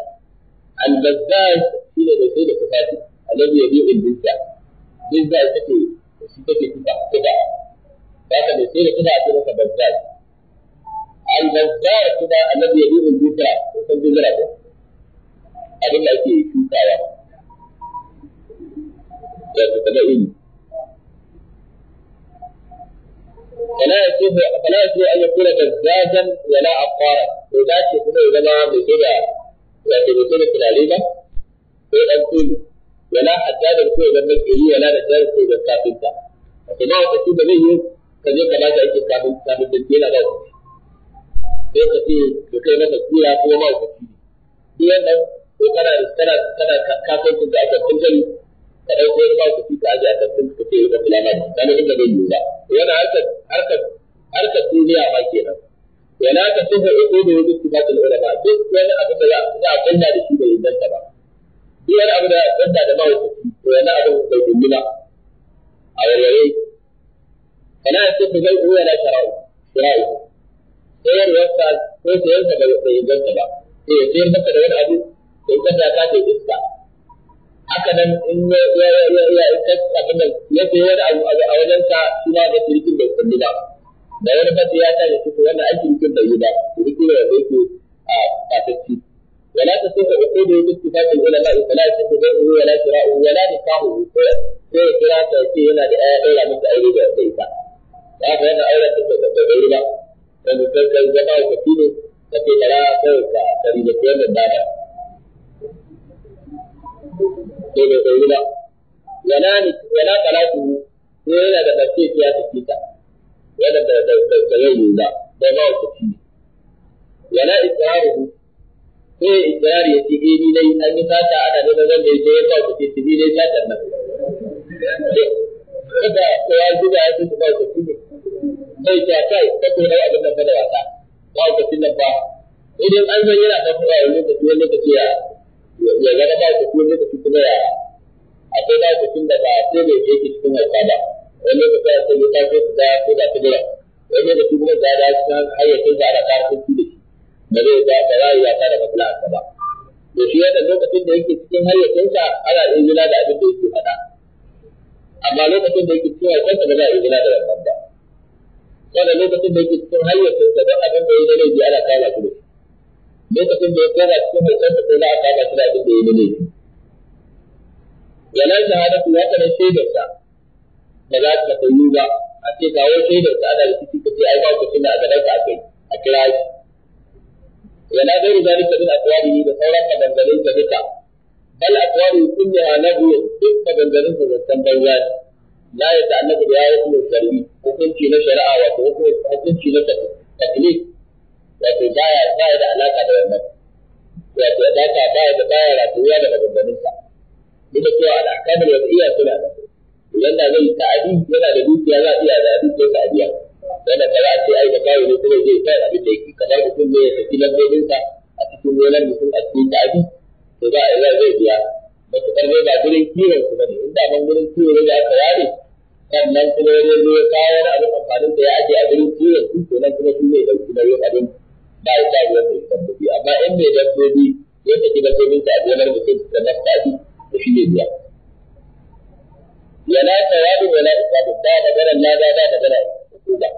Speaker 1: albazzar shi ne mai sai da tufafi alladhi yabi'u al-bizza bizza ita ce shi take tufa tufa ba ka mai sai da tufa a ce masa bazzar
Speaker 2: البزار
Speaker 1: كده الذي يبيع
Speaker 2: البذرة يسمى بذرة
Speaker 1: أبن لا يكي شوكا يا لا تتبعين فلا يصيب فلا يصيب أن يكون بزازا ولا عقارا وذاك يكون إذا ما بكده يعني بكده في العليمة في الأنفل ولا حداد يكون إذا مكيه ولا رجال يكون إذا كافلتا فما هو تسيب به كذلك لا تأتي كافلتا من الدين أبوه sai ka ce ya kai masa kura ko ma ka ci duk wannan ko kana kana kana kasuwancin ka a kantin gari ka ɗauko wani ma ka ci ka aje a kantin ka ce ka zai yiwu ba wani harkar harkar harkar duniya ma kenan wala ta tuhu uqudu wa ittifaq duk wani abu da za a da shi bai inganta ba duk wani abu da za a kunna da mawukaci to wani abu bai dungula a warware kana ce ku zai uwa na shara'u sayarwarsa ko sayarsa ba da inganta ba sai ya sayar maka da wani abu ko ka da ka da iska haka nan in ya ya ya ya ka abin nan ya sayar abu a wajen ka suna da kirkin da kullu ba da wani fata ya tashi su wanda aikin kirkin da yi ba kirkin da yake a fatacci ولا تصح عقود باتفاق العلماء فلا يصح بيعه ولا شراؤه ولا نكاحه sai kira ta ce yana da ɗaya ɗaya masa aure da sai ta. Ya yana da ta da ba. sai ka kai zama ka filo ne ce bara kai ka kari da wannan dama sai bai kai
Speaker 2: ba
Speaker 1: yana ni yana talatu ko yana da bace ya tafi ta yana da da da da yayi da da ba ku ci yana ikraru sai ikrar ya ci gidi dai an yi sata ana da nan da yake ba ku ci gidi dai sata nan kada kowa zuba ya ci ba ku ci zai ta kai kako da abin nan da wasa ba ku tin nan ba idan an zan yana da a wani lokaci wani lokaci ya ya ga da ku kuma lokaci kuma ya akwai da ku tin da ba sai da yake cikin wasa ba wani lokaci ya sai ta ko da ko da ta dora wani lokaci kuma da da shi hayyacin da ana karfin shi da zai ga da rayuwa ta da matsala maslaha ba da shi yadda lokacin da yake cikin hayyacinsa ana izina da abin da yake faɗa
Speaker 2: amma lokacin da yake cikin
Speaker 1: hayyacinsa ba za a izina da wannan ba Kada lokacin da yake cikin hayyacinsa don abin da ya yi da laifi ana kama shi lokacin da ya koma cikin hankansa ko za a kama shi da abin da ya yi da laifi yana shahadatu ya kana shaidarsa ba za ka ta koyu ba a ce kawo shaidarsa ana da ciki ka ce yi ba ku tuna a gaban ka akai a kira shi yana gairu zalika min aqwalihi da sauran maganganun sa duka bal yi kullaha lahu duk maganganun sa zancan banza ne la ya ta'allaqu bi ayatin shar'i hukunci na shari'a hukunci na taklif wato baya baya da alaka da wannan wato alaka baya da baya ratuwa da maganganunsa duk da cewa al'akamar wata suna da idan da zai ta'adi yana da dukiya za a iya da dukiyar ta'adiya wanda ba za a ce ai ba kawai ne kuma zai kai abin da yake kamar mutum ne ya saki lambobinsa a cikin gonar mutum a cikin ta'adi to za a iya zai biya
Speaker 2: matuƙar ne ba gurin
Speaker 1: kiwon su ba ne inda ban gurin kiwon ne da aka ware sannan kuma ya zo ya kawo wani abin amfanin da ya aje a kiwon su to nan kuma shi zai ɗauki nauyin abin ba ya sa ruwan mai dabbobi amma in mai dabbobi ya saki dabbobin sa a gonar mutum da nafsa shi to shi zai biya. ولا ثواب ولا عقاب لا بدل لا لا لا da عقوبة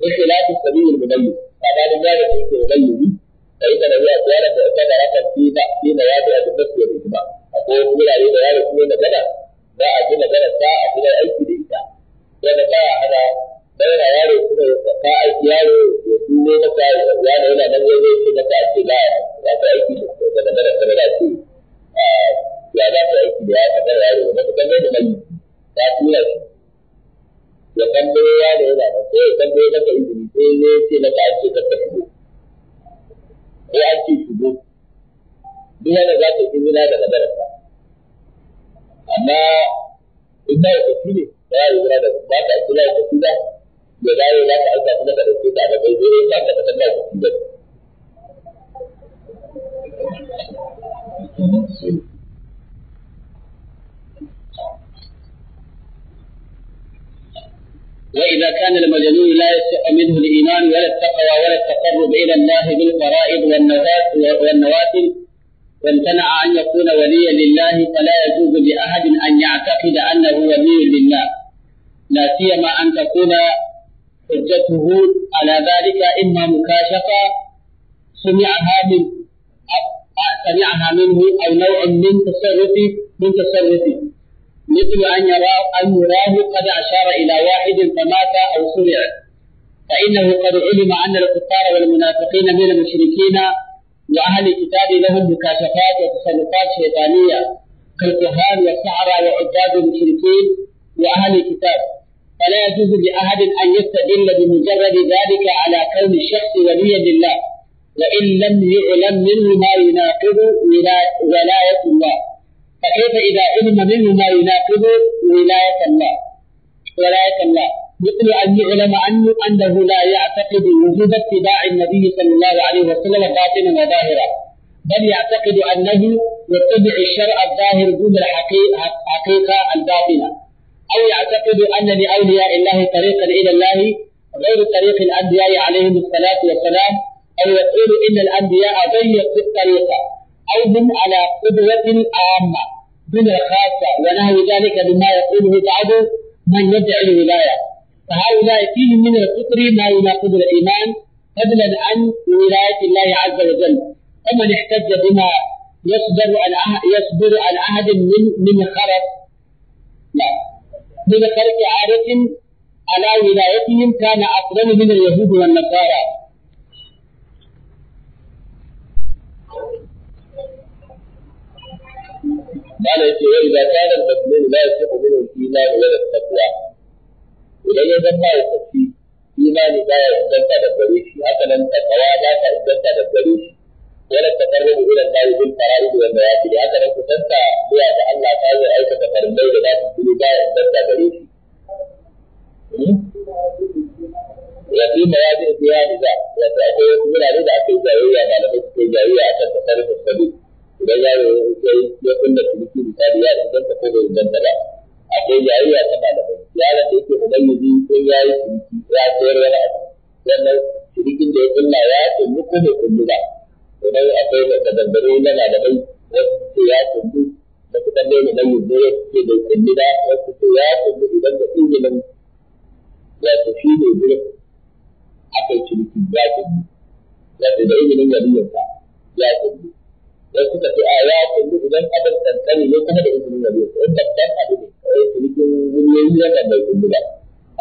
Speaker 1: بخلاف السبيل المبين فبعد ذلك المبين فإن له أقوالا معتبرة في في مواضع النص والإجماع أقول ولا يدعي da بدل za a ji magana ta a kuma aiki da ita wanda ba ya hana daura yaro kuma ka aiki yaro ya dubo maka ya yana yana nan wani ce maka a ce ba ya ta aiki da magana ta ba ce ah, ya ba ta aiki da ya ta yaro wanda ta zai da mai ta tura shi ya tambaye yaro yana nan ya tambaye maka izini sai ya ce maka a ce ka tafi ko an ce shigo duk wanda za ka yi da magana ta amma in ba ya ne ba ya hijira da ba ka aiki ba ya tafi ba ya dawo za ka aika kuma ka ɗauke ta a matsayin zai ya ka san ba ya tafi ba. وإذا كان المجنون لا يصح منه الإيمان ولا التقوى ولا التقرب إلى الله بالفرائض والنوافل وامتنع أن يكون وليا لله فلا يجوز لأحد أن يعتقد أنه ولي لله لا سيما أن تكون حجته على ذلك إما مكاشفة سمعها من سمعها منه أو نوع من تصرفه من تصرفه مثل أن يراه أن يراه قد أشار إلى واحد فمات أو سمع فإنه قد علم أن الكفار والمنافقين من المشركين وأهل الكتاب لهم مكاشفات وتصرفات شيطانية كالكهان والسحرة وعباد المشركين وأهل الكتاب فلا يجوز لأحد أن يستدل بمجرد ذلك على كون الشخص وليا لله وإن لم يعلم منه ما يناقض ولاية الله فكيف إذا علم منه ما يناقض ولاية الله ولاية الله مثل أن يعلم عنه أنه لا يعتقد وجود اتباع النبي صلى الله عليه وسلم باطنا وظاهرا بل يعتقد أنه يتبع الشرع الظاهر دون الحقيقة الباطنة أو يعتقد أن لأولياء الله طريقا إلى الله غير طريق الأنبياء عليهم الصلاة والسلام أو يقول إن الأنبياء في الطريقة أو هم على قدوة عامة دون الخاصة ونحو ذلك مما يقوله بعض من يدعي الولاية فهؤلاء فيهم من الكفر ما يناقض الايمان فضلا عن ولايه الله عز وجل فمن احتج بما يصدر عن أه- يصدر عن عهد من من خرف لا من خرف عادة على ولايتهم كان افضل من اليهود والنصارى قال وإذا كان المسلم لا يصح منه الإيمان ولا التقوى idan ya zama ya tafi imani ba ya inganta da gare shi haka nan takawa ba ta inganta da gare shi wala taqarrubu ila Allah bil fara'id wal nawafil haka nan kusanta zuwa ga Allah ta hanyar aikata farillai da za su ba ya inganta gare shi وفي مواضع فيها نزاع وتأتي يقول عليه أكل جاهية ما لم تكن جاهية عشان تصرف السبيل إذا جاء يقول لك مثل مثال يا إذا تقول إذا تبعت akwai jayayya ta malamai yaron da yake mubayyizi sun ya yi ciniki ya sayar wani abu wannan cinikin da ya kulla ya kullu ko bai kullu ba idan akwai da dandano na malamai wasu ce ya kullu da su kan daina yi yanzu ya ce bai kullu ba wasu ce ya kullu idan da izinin ya ce shi ne gurin aka yi ya kullu ya ce da izinin yariyarsa ya kullu wasu ka ce a ya kullu idan abin kankani ne kuma da izinin yariyarsa in babban abu ne kai cinikin miliyoyi wannan bai kullu ba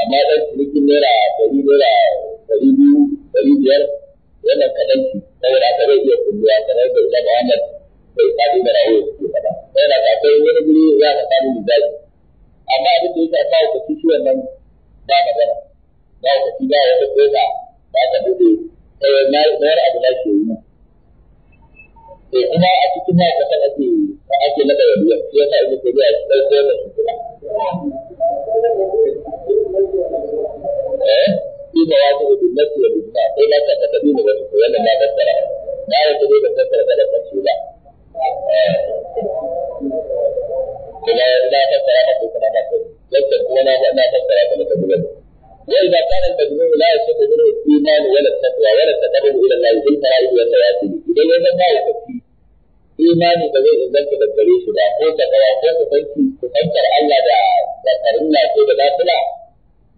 Speaker 1: amma dan cinikin naira ɗari naira ɗari biyu ɗari biyar wannan kaɗan ci saboda haka zai iya kulluwa kamar da Imam Ahmad bai faɗi da rawo suke faɗa saboda haka akwai wani guri za ka samu misali amma abin da yake ba ka ci wannan ba magana ba ka ci ba wata kofa ba ka buɗe kawai na abu na ke yi to ina a cikin eh? na kasan ake ake ya dauko wannan shi kuma eh ya tabi da wasu to wannan na fassara na ya tabi da da ba
Speaker 2: eh. ina
Speaker 1: ka ko kana ka wannan kuma na na fassara ka da kabilan imani ba zai inganta da gare shi ba ko ta kawa ko ta fanki ku tantar Allah da da karilla ko da lafila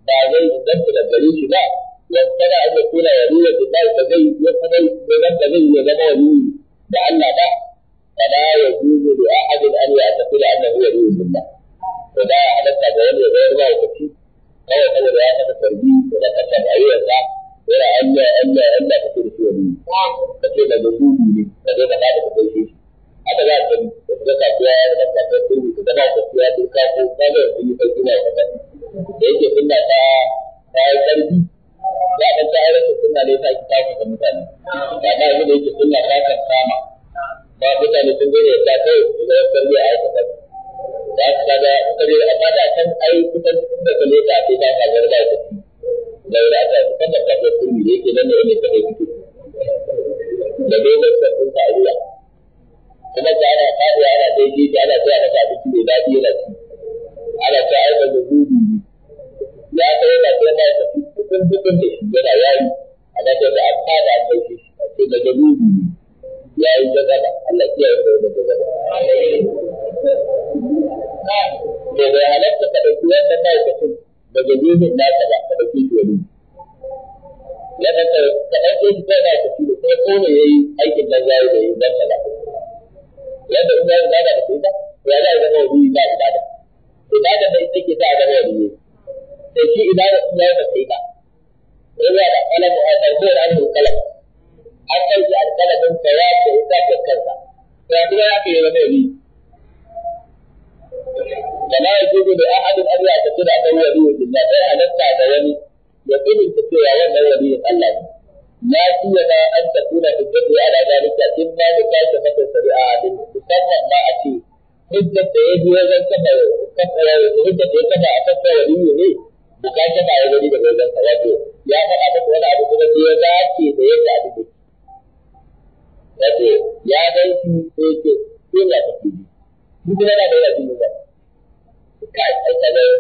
Speaker 1: ba zai inganta da gare shi ba yankana an ya nuna billahi ba zai ya kuma ya zama zai ya zama waliyi da Allah ba fala yajuzu li ahadin an ya'taqida annahu waliyyu billah to da ya halatta da wani ya zama ba ya kaci kawai saboda ya saka tarbi da kasar ayyuka
Speaker 2: yana
Speaker 1: Allah Allah Allah ka ce da shi waliyi ka ce da zubi ne ka ce da ba da kai shi haka za ka da kasuwa ya zama kasuwar zama kasuwa ko kaga sun yi sauki na kasa da yake sunna ta ta yi ƙarfi ya ɗan ta aure ne ta ki kafa mutane da ma yanzu da yake ta kan kama ba mutane sun gane yadda kawai su zama a kasa da aka kaga saboda da kan ai kusan da ka leka sai ta kagar da ka da wuri kan da da yake nan da wani da sun ta kuma ta ana faɗi ana daidai da ana kai masa abinci mai daɗi yana ci
Speaker 2: ana ta aika da gudu ne
Speaker 1: ya kai yana kai na tafi, tukun tukun da shi yana yayi ana ta da an fada a kai shi a ce da gudu
Speaker 2: ne
Speaker 1: ya yi jagaba Allah ya yi da jagaba. Da bai halatta ka ɗauki wannan ma'aikacin daga gudun nasa ba ka ɗauki shi wani. Lamar ka ɗauke shi kai na tafi da sai kone ya yi aikin nan ya yi da yi yadda kuma ya ibada da kuma ya za a zama wani ba ibada ibada da ita ke za a zama biyu, da shi ibada kuma ya fasa ita yana da kalamu a tarbiyyar an yi an ɗauki alkalamin tsaya da ita da kansa ya kuma ya ke zama wani فلا يجوز لأحد أن يعتقد أنه ولي لله فهل نفع بيني يقول الفتوى وأنه ولي الله na iya ma an tabbuna da dade ala zalika in ma da ta ta mata a ce hujjar da ya biyo zan a kafa waliyu ne bukatar ya gani da wajen ya faɗa maka da yadda ya gan shi sai ce sai kuma na wani ya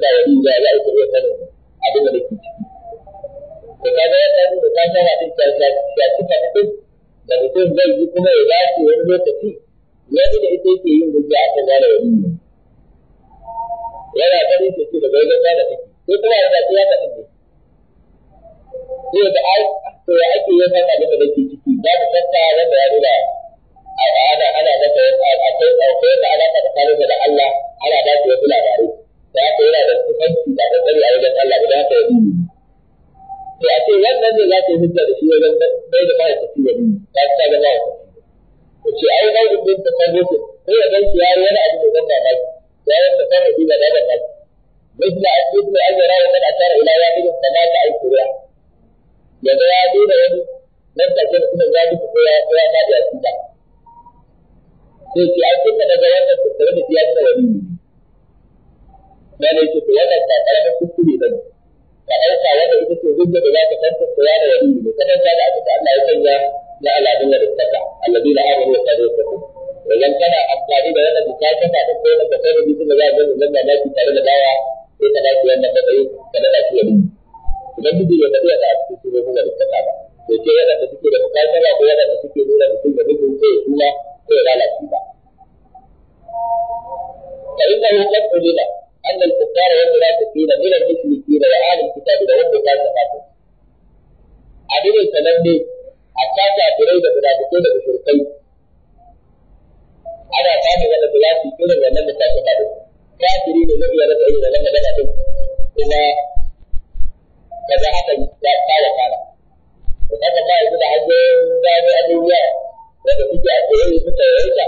Speaker 1: ya ita ya sanin ciki to ka ga yadda da ka saba din da ta da da mutum zai yi kuma ya dace wani lokaci wani da ita yake yin gudu a kan wani wani yana ganin ta ce da bai zama da take ko kuma ya dace ya tafi ne sai da ai to ya ake yin haka da kake ciki ba mu tsaka wanda ya nuna ana ana masa a akwai ta alaka tsakanin da Allah ana dace wasu labarai da haka yana da kusanci da kokari a wajen Allah da haka ya to a ce wannan ne za ta yi hujja da shi wajen mai da mai tafi wani ta ta ga mai tafi ko ce ai mai da bin tasarrufi ko ya dan ya yi abu da dan ba ya yi tasarrufi da dan ba مثل مثل أن يرى من أشار إلى واحد ثلاثة أو سورة يدعى دون أن من تكون من ذلك هو هو ما يأتينا في سياسة من جوانا تكون سياسة ولي ما ليس سياسة فلا تكون سياسة ka ɗauka wanda ita ce hujja da za ka tantance ya da wani ne ka da abin da Allah ya sanya na aladun da rikata alladhi la amanu wa kanu yattaqun idan kana amfani da wannan bukatun da kake da kake da bitin da za ka ga nan da shi tare da dawa sai ka dace wannan matsayi ka da shi wani idan duk ya tafi ta cikin sunan da rikata ba to ce wadanda suke da bukatun ko wadanda suke nuna mutum da mutum sai ya sai ya lalace ba فإنه قد أذن أن الكفار والمنافقين من المشركين وأهل الكتاب لهم ميثاق قاتل abin sananne a kasa turai da munafikai da mushrikai ana samu wanda ba za su yi irin wannan mutane ba ne zai iya irin wannan magana din kaza haka ya fara fara to haka ba yanzu wanda da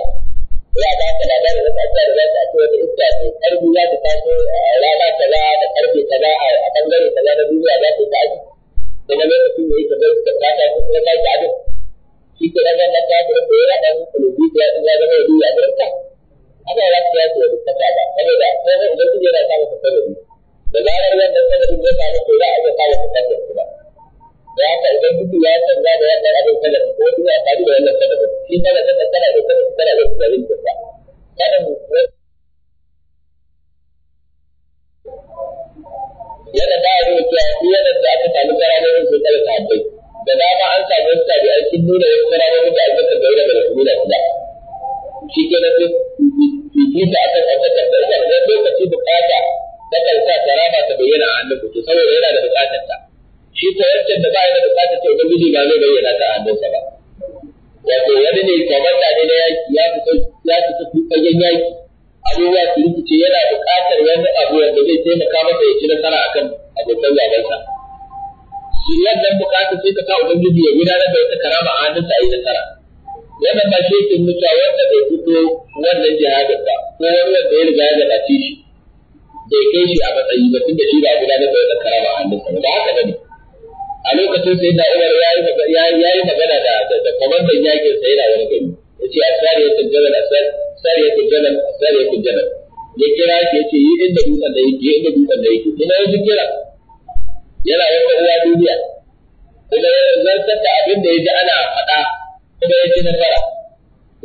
Speaker 1: ya ba ka da za ta ce iska ce ƙarfi za ta taso eh, rana kaza da ƙarfe a ɓangare na duniya za ta tashi daga lokacin da yake zai ta tata ko kuma ta ta shi ke nan ta da ya ta ya zama duniya a garinka ana ya ba saboda ko zai idan yana samun da da zarar wannan sanadin ya samu ko za a iya samun ba. da haka idan duk ya san za da wannan abin salaf ko kuma amfani da wannan salaf shi ta da salaf da salaf da salaf da yin kusa kada mu
Speaker 2: yana da abin da yana da aka samu
Speaker 1: karamomin su kada ta da dama an samu wasu tabi'ai sun nuna wasu karamomin da albaka da yana da rasulina kuma shi ke na fifita a kan albakar da yana lokaci bukata ta kan sa karama ta bayyana a hannun mutum saboda yana da bukatar ta. shi ta wancan da ba ya da bukata ta ubangiji ba zai bayyana ta sa
Speaker 2: ba wato wani ne da ne
Speaker 1: na yaki ya fita ya fita fagen yaki abubuwa su rikice yana bukatar wani abu wanda zai taimaka masa ya ci nasara akan abokan gabansa shi wannan bukata sai ka sa ubangiji ya gudanar da wata karama a sa a yi nasara wannan ba shi yake mutuwa wanda bai fito wannan jihadin ba ko wani wanda ya riga ya gabace shi bai kai shi a matsayi ba tun da shi ba gudanar da wata karama a sa ba haka ne a lokacin sai da Umar ya yi magana da da komandan yakin sa yana wani gari yace asariyatul jabal asariyatul jabal asariyatul jabal ya kira shi yace yi inda dutsen da yake inda dutsen da yake ina yake kira yana wata uwa duniya kuma ya zartar da abin da ya ji ana faɗa kuma ya ci nasara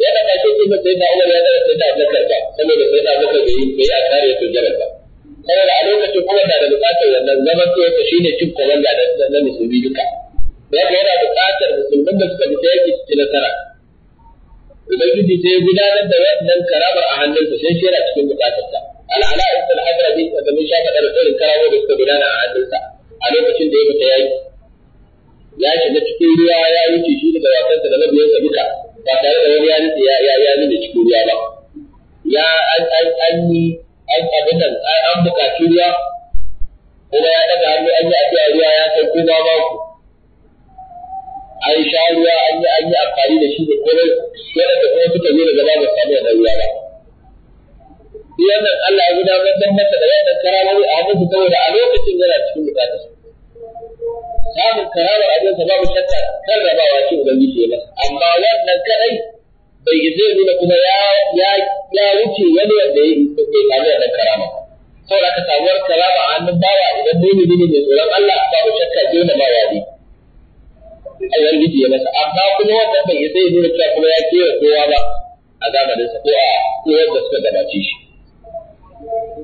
Speaker 1: yana kashe kuma sai da Umar ya zara sai da Abubakar ba saboda sai da Abubakar bai yi asariyatul jabal ba saboda a lokacin kuma da da bukatar wannan zaman tuwarsa shi ne cin da na musulmi duka yadda yana bukatar musulmin da suka fita yaki cikin nasara ubangiji sai gudanar da wannan karama a hannunsa sai shi yana cikin bukatarsa al'ala ibn al-hadrami da mun shafa da irin karamar da suka gudana a hannunsa a lokacin da ya fita yaki ya shiga cikin ruwa ya wuce shi da wasansa da mabiyansa duka ba tare da wani ya nutse ya ya cikin ruwa ba ya an an an abin nan an buƙaci ruwa kuma ya daga hannu an yi addu'a ruwa ya san ko ba ku an sha ruwa an yi an yi amfani da shi da komai yana da kuma suka zo da gaba ba samu wannan ruwa ba
Speaker 2: shi
Speaker 1: wannan Allah ya gudanar da masa da wannan karamar a hannunsa saboda a lokacin yana cikin buƙatar samun karamar abinsa babu shakka kan rabawa ce ubangiji ya masa amma wannan kadai bai isa ya nuna kuma ya wuce wani wanda ya yi bai samu wannan karama saboda ka samuwar karama a hannun bawa idan mumini ne mai tsoron Allah babu shakka dole ma ya bi ayyar gidi ya masa amma kuma wannan bai isa ya nuna cewa kuma ya kera kowa ba a zamaninsa ko a koyar da suka gabace shi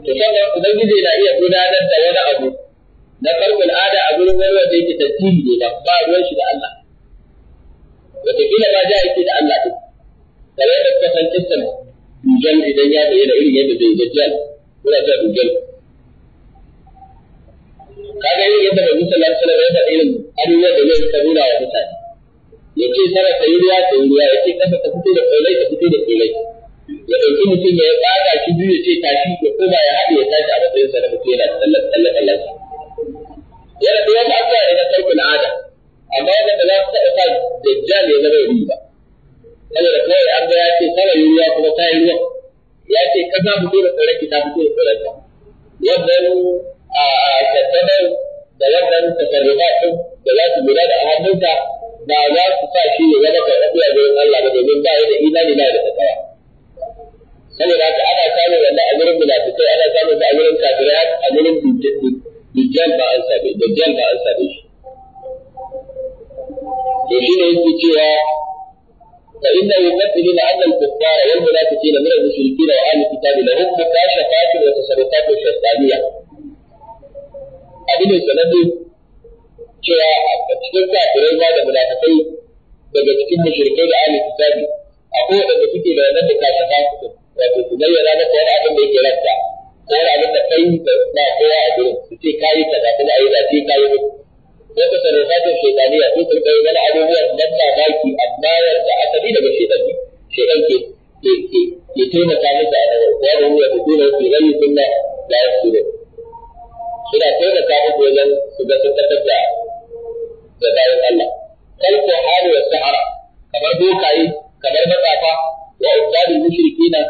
Speaker 1: to sannan ubangiji na iya gudanar da wani abu na farkon al'ada a gurin wani wanda yake tasiri ne ba ruwan shi da Allah Wata wataƙila ba ja yake da Allah ɗin kamar yadda kasan san kistan dujal idan ya bayyana irin yadda zai dajjal muna cewa dujal kaga irin yadda bai musa lafi sallama ya faɗi irin abubuwan da zai ka wa mutane ya ce sama ta yi ruwa ta yi ruwa ya ce kasa ta fito da ƙolai ta fito da ƙolai ya ɗauki mutum ya tsaga shi biyu ya ce tashi ya koma ya haɗe ya tashi a matsayinsa na mutum yana tsalle-tsallensa yana da wasu
Speaker 2: abubuwa da na farko na adam amma
Speaker 1: wanda ba za su taɓa sa dajjal ya zama yi ba saboda kawai an ga ya ce kawai ruwa kuma ta yi ruwa ya ce ka za fito da tsaron ki ta fito da tsaron wannan a tattabar da wannan tafarrifatin da za su guda da hannunta ba za su sa shi ne zama karɓaɓɓe a gurin Allah ba domin ba ya da imani ba ya da takawa saboda haka ana samun wannan a gurin munafikai ana samun da a wurin kafirai a gurin dujjal ba an sabe dujjal ba an sabe shi
Speaker 2: to shi ne yake cewa
Speaker 1: فإنه يمثل أن الكفار والمنافقين من المشركين وأهل الكتاب لهم مكاشفات وتصرفات شيطانية abin sanadi cewa a cikin kafirai ma da munafikai daga cikin mushrikai da ahli kitabi akwai waɗanda suke da wannan mukashafa wato su bayyana maka wani abin da yake ranta ko wani abin da kai da kowa a gurin su ce kayi kaza kuma ayi da ce kayi na tasarrufatin shaitaniya sai su rika wani abubuwan nan mamaki amma yadda asali daga shaitan ne shaitan ke ke ke ke taimaka musu a nan wa da huwa tuduna fi ghayri sunna la yasudun
Speaker 2: suna taimaka musu
Speaker 1: wajen su ga sun kasar da da bayan Allah kalko halu wa sahara kamar bokaye kamar matsafa wa ubadul mushrikina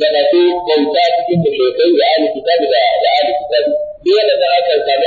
Speaker 1: da na masu bauta cikin mushrikai da ahli kitabi da ahli kitabi duk wanda za a kan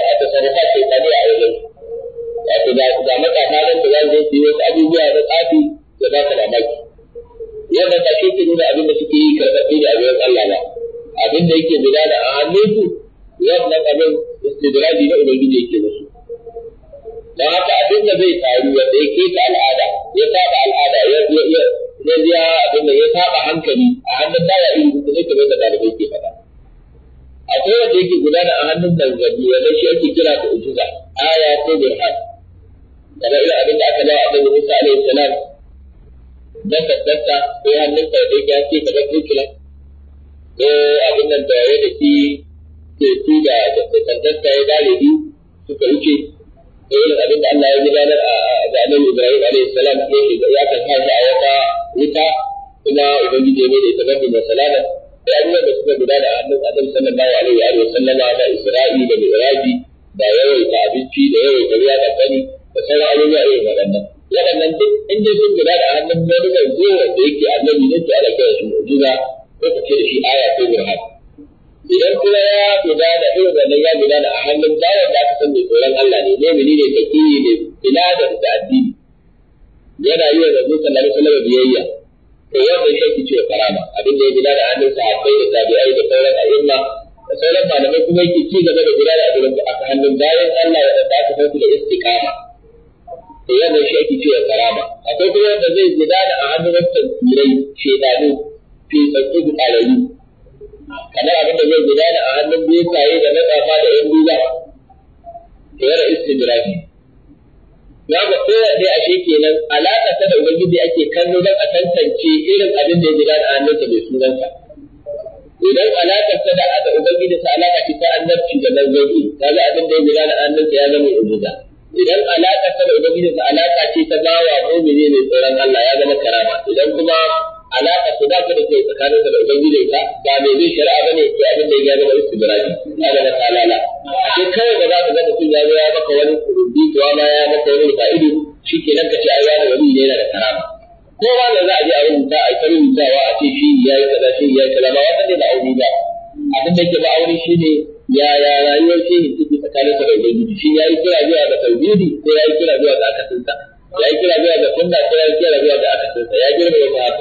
Speaker 1: tsakaninsa da ubangiji shi ya yi kira zuwa ga tauhidi ko ya yi kira zuwa ga akasinsa ya yi kira zuwa sunna ko ya yi kira zuwa akasinsa ya girma da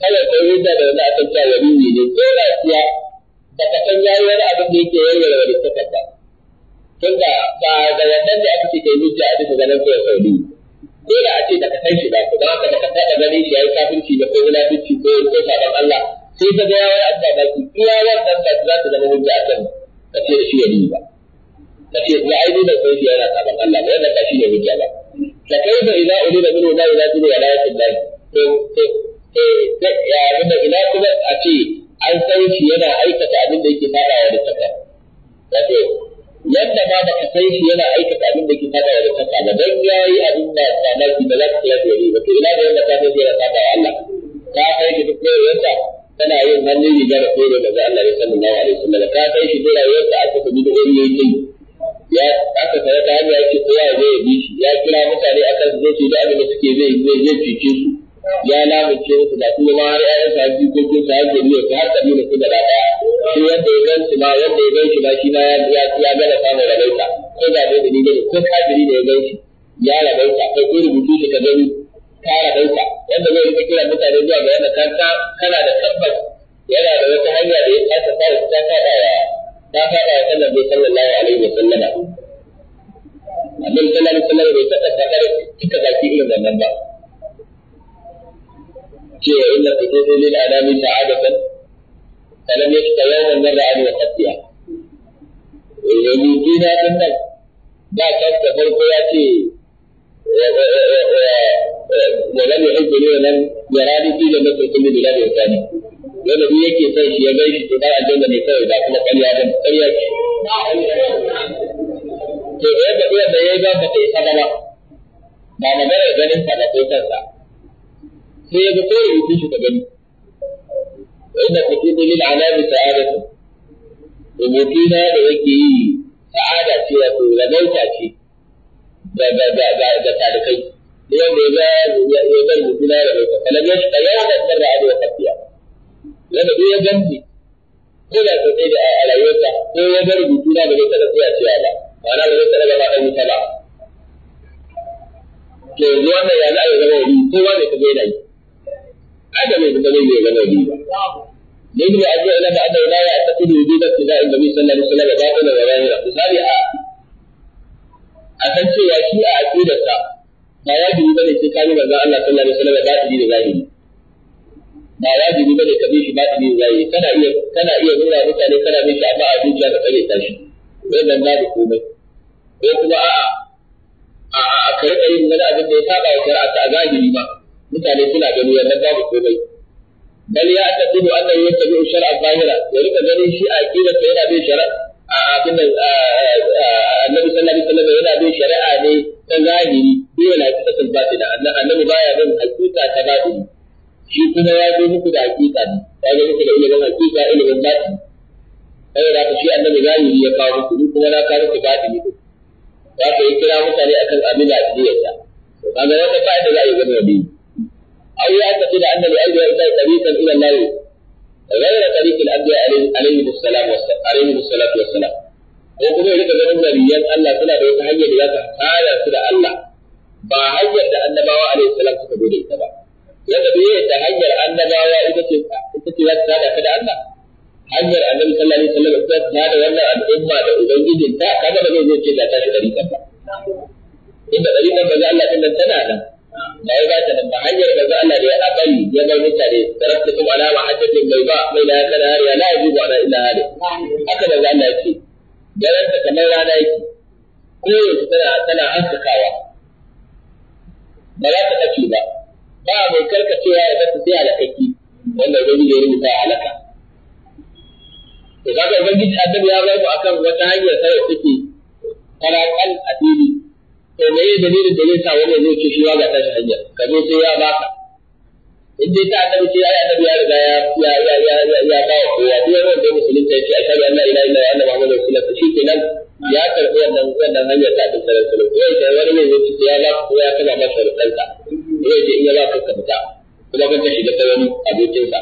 Speaker 1: kawai kai hujja da wani akan cewa wani ne ko da kuwa ba ka san yayi wani abin da yake yarware wani saka ba tunda ba da wannan da aka ce kai hujja a bisa ganin kai sauri ko da a ce da ka san shi ba ko da ka da ka taɓa ganin shi yayi kafirci da ko wulafici ko ko sabon Allah sai ka ga ya wani abba ba ki iya wannan ba za ta zama hujja a kan ka ce da shi ya ba ka ce ya aini da sai yana sabon Allah ba wannan ba shi ne hujja ba ka kai da ila ulil minhu ma ila tudu wala yakun dai to to eh da ina kuma a ce an san shi yana aikata abin da yake fada wa da taka wato yadda ma baka san shi yana aikata abin da yake fada wa da taka ba dan yayi abin da mamaki ba za ka kula da wani ba to ina da yadda ka san yana fada wa Allah ka kai ki duk koyarwarsa tana yin hannun riga da koyar da ga Allah sallallahu alaihi wasallam ka kai shi da rayuwarsa aka tabi da wani yake ya aka tare ta hanya yake kowa zai yi shi ya kira mutane akan su zo su da abin da suke zai zai fice su ya lamunce su da kuma ma har ƴaƴan sa ko sa yake ne su har kabila su gaba daya shi wanda ya gan shi ma wanda ya gan shi ma shi ma ya ya gana samun rabaita ko da bai gani ne ko kafiri da ya gan shi ya rabaita kai ko rubutu shi ka gani ka rabaita wanda zai yi kira mutane zuwa ga wanda ka kana da tabbas yana da wata hanya da ya kasa ta ta kada ya ta kada ya sallar bai sallallahu alaihi wa sallama
Speaker 2: annabi sallallahu alaihi wa
Speaker 1: sallam bai taɓa faɗar cika baki irin wannan ba شيء إلا فتوه للأنام سعادة فلم يشك يوما مر عن وقتها ويجينا من نفس ما كان تفرق يأتي ولم يحب لي ولم يراني في جنة كل بلاد وثاني والذي يكي سيش يبيش تدار الجنة نسوي ذا كما قال يا رب قال يا to da ya tafiya da ya ga ba ta isa ba ba magana ganin sa ba ko kansa sai ya ga ko rubutun shi ka gani wa inna kutubu lil alami sa'adatu rubutuna da yake yi sa'ada ce wato rabauta ce ga ga ga ga ga talikai wanda ya ga ya ga da rabauta kalam ya ya ga da rabu wa kafiya wanda ya ganni ko da sai da a rayuwarsa ko ya ga rubutuna da rabauta da sai ya ce ala ma'ana da rabauta da ba to yanzu ya za a yi zama wuri, kowa ne ka ga yana yi هذا من الذي يغنى لأنه أقول لك أنه لا يعتقد وجود ابتداء النبي صلى الله عليه وسلم باطلا وظاهرا مثالي أسان شيء شيء أعتقد ba wajibi bane sai ka bi Allah sallallahu alaihi wasallam ba tili da zahiri ba wajibi bane ka bi ba tili da zahiri kana iya kana iya nuna mutane kana bi amma a zuciya ka tsare ta shi nan babu komai ko kuma a karɓar yin wani abin da ya saba wa shari'a ta zahiri ba mutane suna gani wannan babu komai bal ya taqidu annahu yattabi'u shar'a zahira ya rika ganin shi a kida ta yana bin shari'a. a abin nan annabi sallallahu alaihi wasallam yana bin shari'a ne ta zahiri dole na hakikatul batina annabi baya bin hakika ta batini shi kuma ya zo muku da hakika ne ya zo muku da ilimin hakika ilimin batini sai da shi annabi zahiri ya kawo muku ni kuma na kawo muku batini za ka yi kira mutane akan abin da ake yi ta kaga wata fa'ida za a yi gani wa أو يعتقد أن لأولياء طريقا إلى الله غير طريق الأنبياء عليهم السلام عليهم الصلاة والسلام ko kuma ya ganin waliyan Allah suna da wata hanyar da za su da Allah ba hanyar da annabawa alaihi salam suka gode ita ba yadda duk ta hanyar annabawa ita ce ita ce za ta hada ka da Allah hanyar annabi sallallahu alaihi wasallam ta da wannan al'umma da ubangijin ta kaga ba zai zo ce da ta shi dariƙa ba inda ba manzo Allah din tana nan لا يبات أن بحجر بزعل لأبي يبا المتالي تركتكم على محجة بيضاء ba za ta ba ba a mai karkacewa ya zata sai wanda ubangiji ya rubuta to kaga ubangiji ya bai mu akan wata hanyar sai take farakan a fili to me ne dalilin da zai sa wannan zai ce shi ga tashi hanya ka zo sai ya baka in dai ta annabi ce ai annabi ya riga ya ya ya ya ya ya ba kowa duk wanda ya musulunta ya ce a kare Allah ila ila Allah Muhammadu sallallahu shi kenan ya karbi wannan wannan hanya ta da sallallahu alaihi wasallam da wani ne zai ce ya ba ko ya kama masa rubanta zai ce in ya ba ka ka ko kuma kan tashi da wani abokinsa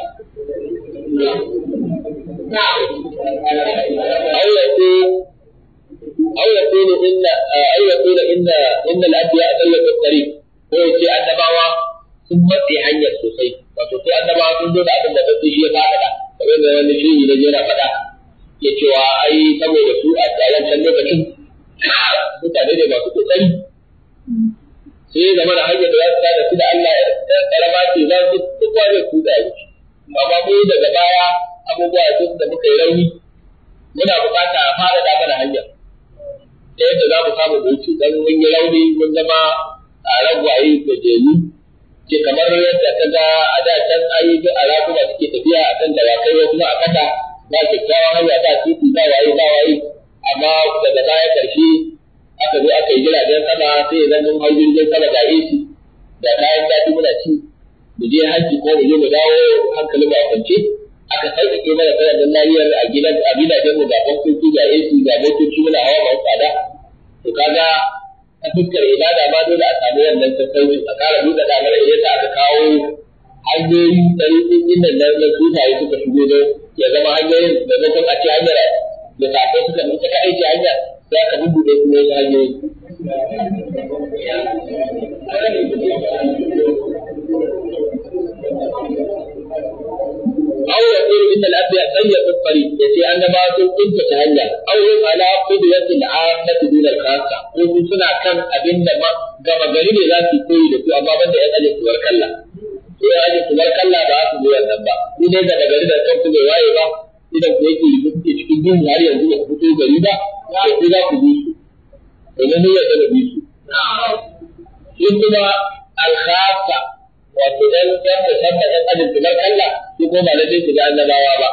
Speaker 2: Allah ya
Speaker 1: أو يقول إن أو يقول إن إن الأنبياء ضيقوا الطريق ويقول النبوة ثم في حنية سوسي وتقول النبوة ثم دون أبن نبتي شيء بعدها kamar da wani shi da jira faɗa ya cewa ai saboda su a tsayan can lokacin mutane ne masu sai zama hanyar da za su tada su da Allah ya karama ce za su zai kuɗa amma mu daga baya abubuwa sun da muka yi rauni muna buƙata a fara da mana hanyar ta yadda za mu samu hutu dan mun yi rauni mun zama a ragwaye da jeli ke kamar yadda ta ga a da can ayi duk a rakuma suke tafiya a kan dawakai ko kuma a kasa ba kyakkyawan hanya ba titi ba waye ba waye amma daga baya karshe aka zo aka yi jiragen sama sai zan mun hau jirgin sama da AC da kayan daɗi muna ci mu je hajji ko mu je mu dawo hankalin ba kwance aka sai sauƙaƙe mana na lahiyar a gidan a gidajen mu ga fankoki ga AC ga motoci muna hawa ba tsada to kaga ta fuskar ibada ma dole a samu wannan sassauci a ƙara da mara idan ta aka kawo hanyoyi ɗariƙoƙin nan na sunaye suka shigo da ya zama hanyoyin da maimakon a ci hanyar da safai suka nuka ka aiki hanyar za ka da su ne hanyoyi.
Speaker 2: Thank you. aw
Speaker 1: yaqulu innal anbiya Ya tariq yace annabawa sun kunta ta hanya aw ala qudwati al-ammati dun al-khassa ko suna kan abin da gama gari ne za su koyi da su amma banda yan ajin kuwar kalla sai yan ajin kalla ba su zo wannan ba ni dai daga gari da kan ku bai waye ba idan ku yake yake cikin duhu har yanzu ba gari ba za ku bi su bi su kuma wato dan dan musamman dan adam kamar Allah su ko ba lalle su ga annabawa ba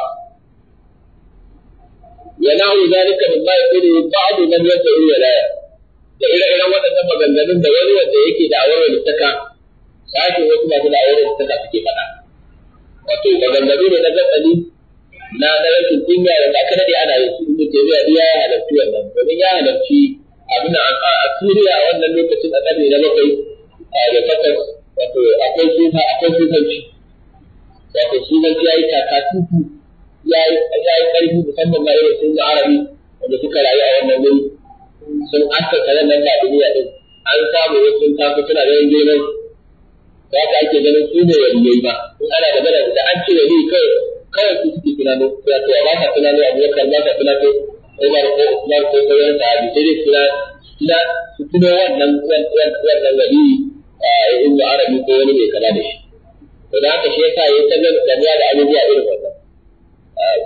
Speaker 1: ya na'u zalika mimma yaqulu ba'du man yad'u wilaya da ire-iren waɗannan maganganun da wani wanda yake da awar da taka sashin wasu masu da awar da taka suke faɗa wato maganganu ne na gatsali na na rashin kunya da aka daɗe ana yin su ibnu taymiya ya halarci wannan domin ya halarci abin a Suriya a wannan lokacin a ƙarni na bakwai a da takwas wato akwai sufa akwai sufanci wato sufanci ya yi kakatutu ya yi ƙarfi musamman ma irin sun arabi wanda suka rayu a wannan wuri sun asasa nan ba duniya din an samu wasu sun tafi suna da ganin girman da haka ake ganin su ne waliyai ba in ana da magana da an ce wali kawai kawai su suke tunano wato ba sa tunano abubakar ba sa tunano Umar ko Usman ko sauran sahabi sai dai su tuno wannan wannan wannan waliyi Eh, ibnu arabi ko wani mai kama da shi to da haka shi yasa ya sanar da ya da abubuwa irin wannan eh,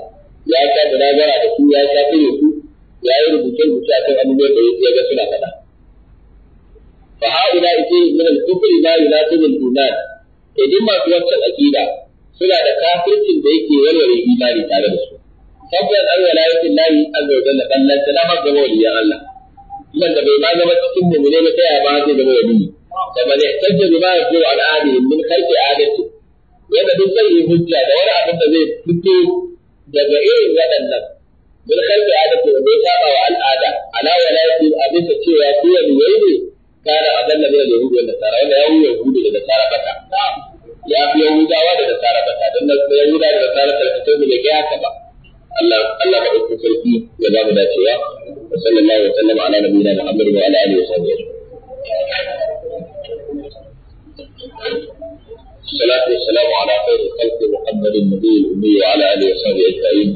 Speaker 1: ya sha munazara da su ya sha kire su ya yi rubutu rubuce akan abubuwan da ya ga suna faɗa fa haula ite min al-kufri ma yunasibu al-iman to duk masu wancan aqida suna da kafircin da yake warware imani tare da su tabbas an walayatin lahi azza wa jalla ballan salama ga waliyan Allah da bai ma zama cikin mu'mine na taya ba zai zama waliyi فمن احتج بما يقول عن عاده من خلف عادته yana duk sai yi hujja da wani abin da zai fito daga irin waɗannan mun karɓi adatu wanda ya saba wa al'ada ala wala yake abin da cewa ko ya ne yayi kana abin da da yahudu da nasara wanda ya wuce yahudu da tsara baka ya fi yahudawa da tsara baka dan nan yahuda da tsara ta ta ne ga haka ba Allah Allah madaukakin sarki ya ba da cewa sallallahu alaihi wa sallam ala nabiyina Muhammad wa ala alihi wa sahbihi
Speaker 2: الصلاة
Speaker 1: والسلام على خير الخلق محمد النبي الأمي وعلى آله وصحبه أجمعين.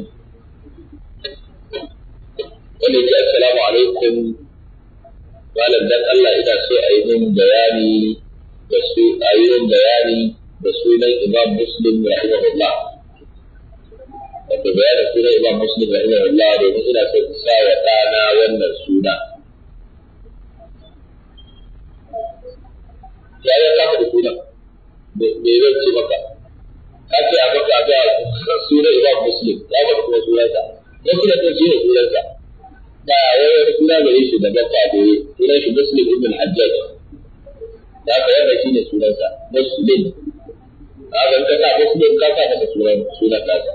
Speaker 1: ولك السلام عليكم malam dan Allah ina so a yi min bayani da su a yi sunan Wato bayanin sunan Imam Muslim rahimahullah domin ina so in sa wa ɗana wannan suna. ya yi kaka da sunan me zan ce maka
Speaker 2: ka ce a maka
Speaker 1: ga sunan imam muslim ya maka kuma sunansa na suna ɗin shi ne sunansa ba wani suna gare shi da bakka a goye sunan shi muslim ibn hajjaj da aka wannan shi ne sunansa muslim a ban ka sa muslim ka sa maka sunan sunan kasa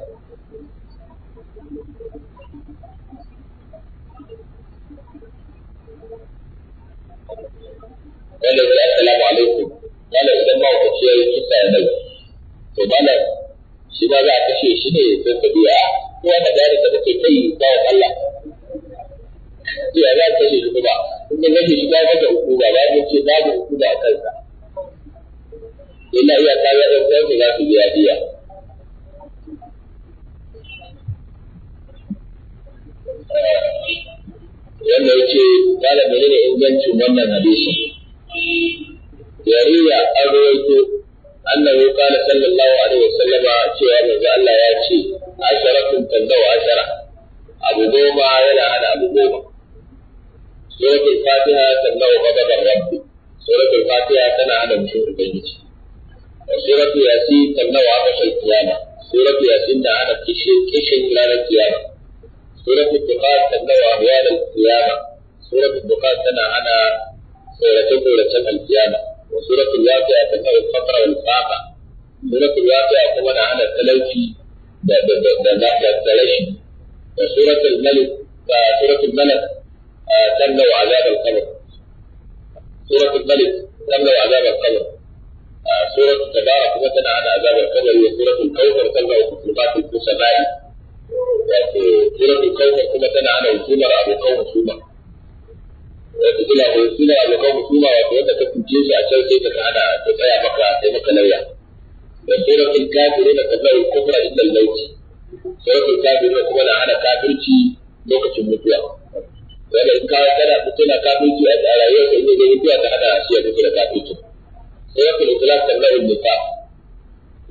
Speaker 2: yana zai assalamu alaikum
Speaker 1: yana idan ba ku ce yayi kisa ya mai to bana shi ba za a kashe shi ne ko ka biya ko wanda da da kake kai ba wa Allah to ya za ka kashe shi kuma in ka kashe shi ba ka uku ba ba ce babu uku ba kansa ina iya kawo ɗan ɗan za su biya biya wanda ya ce malam menene ingancin wannan
Speaker 2: hadisi
Speaker 1: ya iya arwaito annabi kana sallallahu alaihi wasallam cewa manzo Allah ya ce asharatun tandawa ashara abu goma yana hana abu goma suratul fatiha tandawa da rabbi suratul fatiha tana hana mutum ubangiji suratul yasin tandawa ashal kiyama suratul yasin da hana kishin kishin ranar kiyama suratul duha tandawa ahwalul kiyama suratul tuqat tana hana سورة سورة القيامة وسورة الواقعة تنهي الفقر والفاقة سورة الواقعة كما نعلى التلوثي دلاشي وسورة الملك آه، سورة الملك آه، تمنع عذاب القبر سورة الملك تمنع عذاب القبر آه، سورة التبارك تمنع عن عذاب القبر هي سورة الكوثر تمنع مخلوقات السماء
Speaker 2: وسورة الكوثر
Speaker 1: تمنع على عن سمر أبو قوم سمر kila ko kila abokan hukuma wato wanda ka tuce su a can sai ka hada ta tsaya maka sai maka lauya da suratul kafirun ka zai kufra inda lauci suratul kafirun kuma na hana kafirci lokacin mutuwa wanda in ka kana mutuna kafirci a rayuwar sai ne mutuwa ta hada shi ya mutu da kafirci suratul ikhlas ta lauyin nifaq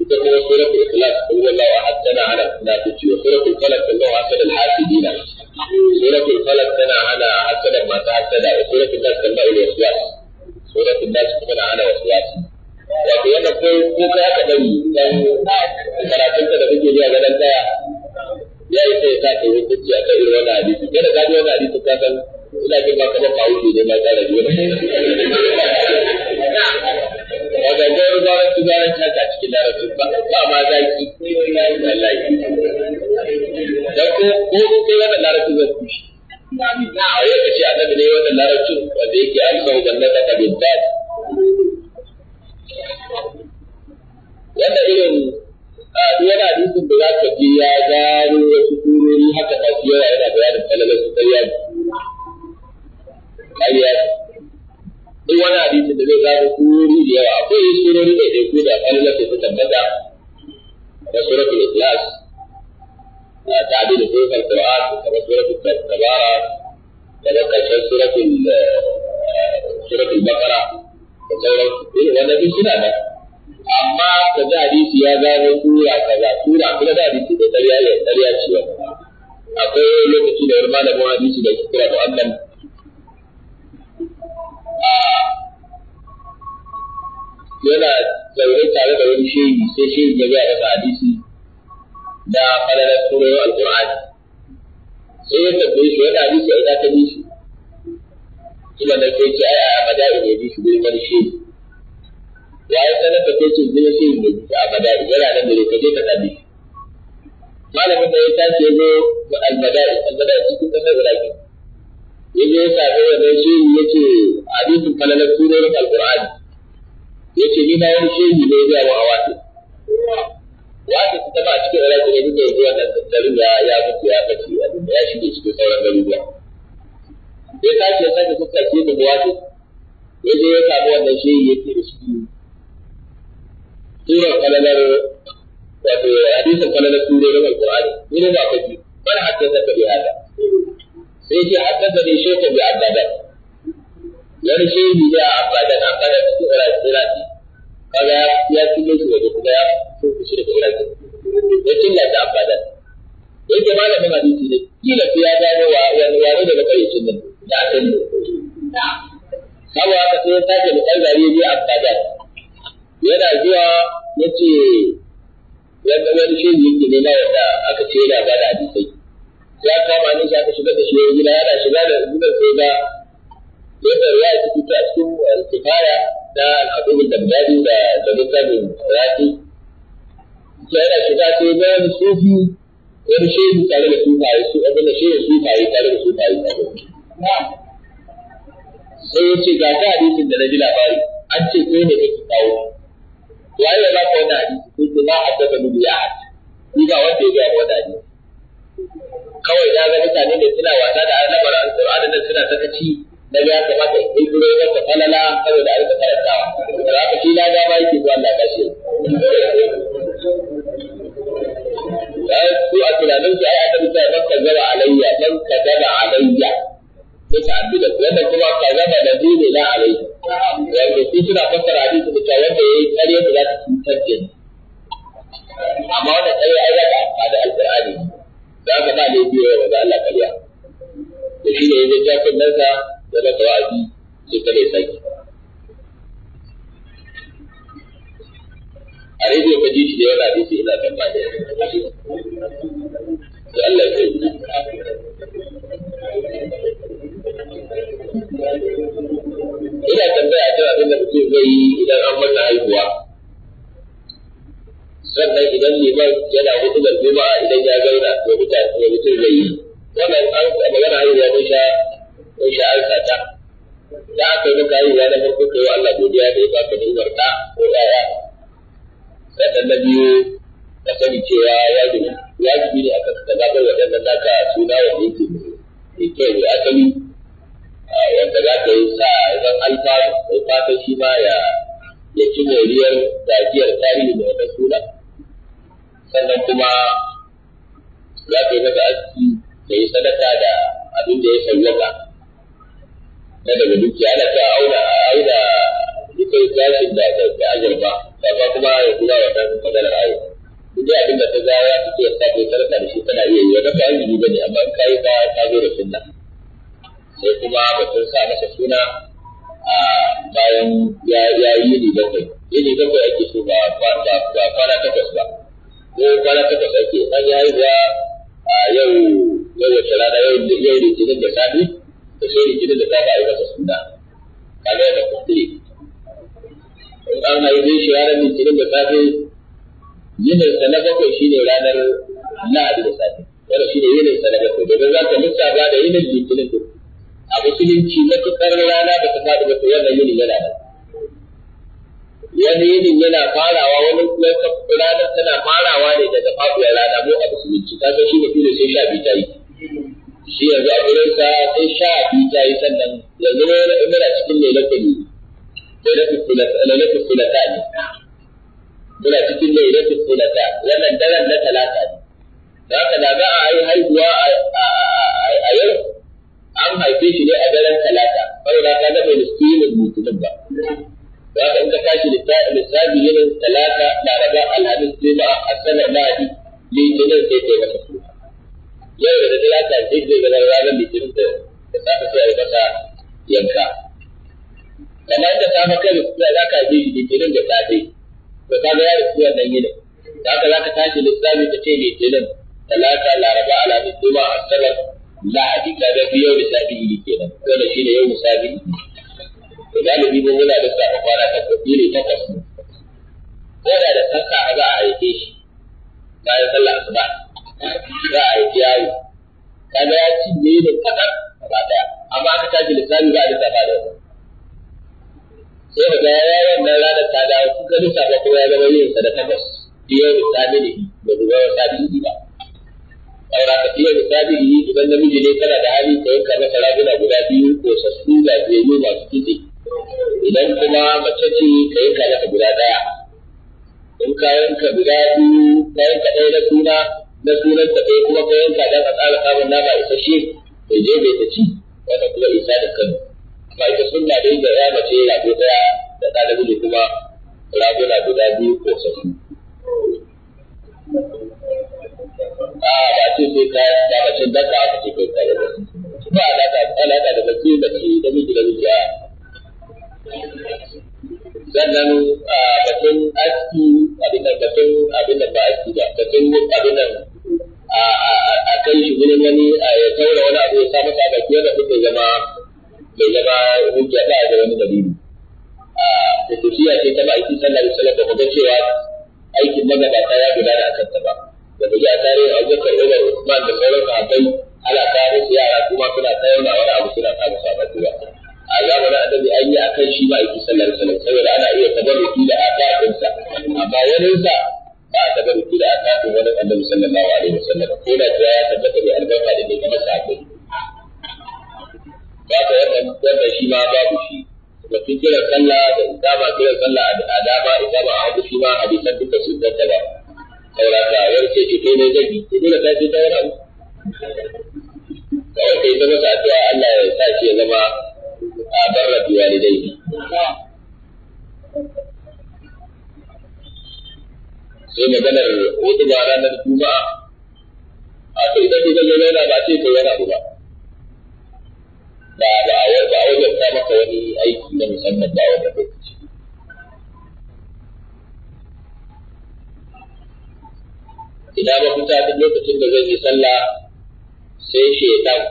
Speaker 1: ita kuma suratul ikhlas kullu wallahu ahad tana hana kafirci wa suratul falaq kullu ahad al-hasidina suratul falak tana hana hasadan masu hasada wa suratul nas tana ila waswas suratul nas tana hana waswas wato yana ko ko ka aka bari dan karatun da kake ji a gadan daya ya sai ka kai hukunci a kan wannan hadisi kada ka ji wannan hadisi ka san ina jin
Speaker 2: ba ya ga ga zaranci zaranci
Speaker 1: haka a cikin larabci ba ba ma za ki yi wallahi da ko ko ko wannan larabci zai kushi na aure ka ce annabi ne wannan larabci wanda yake amsa ta ka bidat wanda irin yana hadisin da za ka ji ya gano wasu turori haka masu yawa yana da bayanin falalar su ƙarya ƙarya in wani hadisi da zai zaɓi yawa akwai surori da ya ko da kalli lafi ta tabbata kamar suratu ikhlas a tabi da sofar kura kamar suratu tabara kamar karshen suratu eh, suratu bakara da sauran irin eh, wannan duk suna da amma ka ji hadisi ya zaɓi sura ka za sura kuma da hadisi da tsariya ne tsariya ciwon akwai lokaci da wani malamin hadisi da suka kira da wannan yana zaune tare da wani shehi sai shehi ya gaya rasa hadisi da falalar turai alqur'ani sai ya tambaye shi wani hadisi a ina ta bi shi kuma na ke ce ai a madari ne bi shi gurin wani shehi ya yi sanar da kai ce gurin shehi ne bi shi a madari yana nan da ka je ka tabi malamin da ya tashi ya zo al madari al madari cikin kasar iraki ya zo ya sami wannan shehi ya ce hadisin falalar surorin alkur'ani ya ce ni na wani shehi ne ya mu wato. wasu wasu su taba a cikin iraki ne duka zuwa nan garin da ya mutu ya kace ya shige cikin sauran garuruwa ya tashi ya sake suka ce da wasu ya zo ya sami wannan shehi ya ce da shi surar falalar wato hadisin falalar surorin alkur'ani ni ne ba kaji bal haddasa ka bi hada sai ce haddasa ne shekar bi abdadan wani shehi ne a abdadan abdadan su iraki kaga ya cille su waje kuma ya sun fi shirka iraki ya ci cilla ta abdadan yake malamin hadisi ne kila sai ya gano wa wani wani daga ƙarshen nan da akan saboda haka sai ya sake da ɗan gari ne abdadan yana zuwa ya ce wani shehi ne na wanda aka ce yana ba da hadisai ya kama ni aka shigar da shi wani gida yana shiga da gidan sai ga yadda ya ci fito a cikin alkifaya eh, na al'adun dabdadi da da littafin rafi sai yana shiga sai ga wani ya wani shehu tare da sufaye su abin da shehu sufaye tare da sufaye tare sai ya ce ga ta hadisin da na ji labari an ce ko ne kake kawo waye ya ba ka wani hadisi ko ce na haddasa mu biya ni ga wanda ya ga wani hadisi kawai na ga mutane ne suna wasa da alamar alƙur'ani nan suna ta sakaci da ya kamata in kulkuro ya ta falala saboda a rika karantawa da za haka shi na dama yake zuwa Allah ba shi su a tunanin su ai annabi sai man kazaba alayya man kazaba alayya ko ta abida wannan kuma kazaba da dole na alayya wanda su suna fassara hadisi da wanda yayi ƙarya da za ta cutar da
Speaker 2: amma wannan ƙarya ai za
Speaker 1: ta amfani alƙur'ani da aka ba da biyo wa da Allah kariya to shi ne ya ja kunnen da masa wa'azi sai kare saki
Speaker 2: a rediyo ka ji shi da
Speaker 1: yana da shi ina kan ba da
Speaker 2: to Allah ya kai ina tambaya ta
Speaker 1: abin da mutum zai yi idan an masa haihuwa sannan idan liman yana hutubar juma'a idan ya zauna to mutane ya mutum zai yi wannan an magana haihuwa mun sha mun sha an sata da aka yi maka haihuwa na farko kai wa Allah godiya da ya baka ni'imar da ko ɗaya sannan na biyu ka sani cewa wajibi wajibi ne aka ka zaɓar waɗannan naka suna wa yake mai kyau mai asali wanda za ka yi sa idan alfanu mai fata shi ma ya ya ci moriyar tafiyar tarihi da wannan suna. sannan kuma za ta yi masa aski ta yi sadaka da abin da ya sawwaka na daga dukiya ana ta auna auna dukkan tashin da da azurfa amma kuma ya kula wa ta maganar ayo duk abin da ta gawa ta ce ta ko sadaka da shi tana iya yi wa dafa yanzu ba ne amma kai ka ta zo da sunna sai kuma batun sa masa suna a bayan ya yi ne bakwai ne bakwai ake so ba kwana takwas ba ko kwana takwas ake an yi haihuwa a yau yau wace rana yau yau litinin da safi da sai da safi a yi masa suna kaga da kuskure in an haife shi ranar litinin da safi yinin sa na bakwai shine ranar lahadi da safi wanda shine yinin sa na bakwai domin za ka lissafa da yinin litinin a musulunci matuƙar rana ba ta faɗi ba to wannan yinin yana nan wani yinin yana farawa wani kuma ranar tana farawa ne daga faɗuwar rana mu a musulunci ka san shi da tura sai sha biyu ta yi shi yanzu a gurin sa sai sha biyu ta yi sannan yanzu muna cikin lailatul lailatul sulata ne muna cikin na lailatul sulata wannan daren na talata ne Za ka da za a yi haihuwa a yau an haife shi ne a daren talata saboda ka ga bai miskinin mutumin ba da haka in ka tashi lissafi yinin talata laraba alhamis juma'a asabar lahadi litinin sai kai masa su yau da talata sai zai zama ranar litinin da da safe sai a masa yanka
Speaker 2: kamar da safe kai
Speaker 1: da za ka je litinin da safe to ka ga ya rufu wannan yinin da haka za ka tashi lissafi ka ce litinin talata laraba alhamis juma'a asabar lahadi ka ga biyar lissafi kenan shi shine yau lissafi galibi mun muna da safa kwana takwas ne takwas ko da da sassa za a haife shi bayan sallar asuba za a haifi yaro kaga ya ci ne kadar gaba daya amma aka tashi lissafi za a lissafa da wata sai da ga ya wannan ranar ta dawo kuka lissafa ko ya zama yin sa da takwas biyar lissafi ne da duba wata biyu ba saura ka fiye da sabi'i idan namiji ne kana da hali ka yanka masa raguna guda biyu ko sassu da biyu masu kitse
Speaker 2: idan kuma mace ce
Speaker 1: ka yanka mata guda ɗaya in ka yanka guda biyu ka yanka ɗaya na suna na sunan ta ɗaya kuma ka yanka don a tsara samun nama isasshe to je bai ta ci wata kuma isa da kan amma ita sunna da yin da ya mace rago ɗaya da ɗa namiji kuma na guda biyu ko sassu. a ba ce sai ka ba mace daka aka ce kai ka ba ba alaƙa da mace mace da miji da miji a sannan ah, batun aski abin da batun abin da ba aski ba batun abin da a kai shi gurin wani ya taura wani abu ya sa masa a baki wanda duk zama bai zama hujja ba da wani dalili kutusiya ce ta ma'aiki sallallahu alaihi da kuma cewa aikin magabata ya gudana a kanta ba da ta ji a tarihin abubakar umar usman da sauran sahabbai ana kawo musu yara kuma suna ta yauna wani abu suna kawo a ba
Speaker 2: a zamanin annabi an yi akan shi
Speaker 1: ma'aiki sallallahu sallar wasallam saboda ana iya tabarruki da akakinsa amma wani sa ba a tabarruki da akakin wani annabi sallallahu alaihi wasallam ko da kuwa ya tabbata da albarka da ne kamar akai ba ta wannan wannan shi ma babu shi mutum kiran sallah da idama kiran sallah a adaba, idama a hagu shi ma hadisan duka sun danta ba saboda ka yarce shi kai ne zai ko dole ta ce ta wani abu kawai kai ta sa addu'a Allah ya sa shi ya zama barra bi walidayhi sai maganar hudu ba ranar juma'a a to idan ka zo yana ba ce ko yana ba ba ba a ba a ta maka wani aiki na musamman ba wanda kai ina mafita duk lokacin da zai yi sallah sai shi shaitan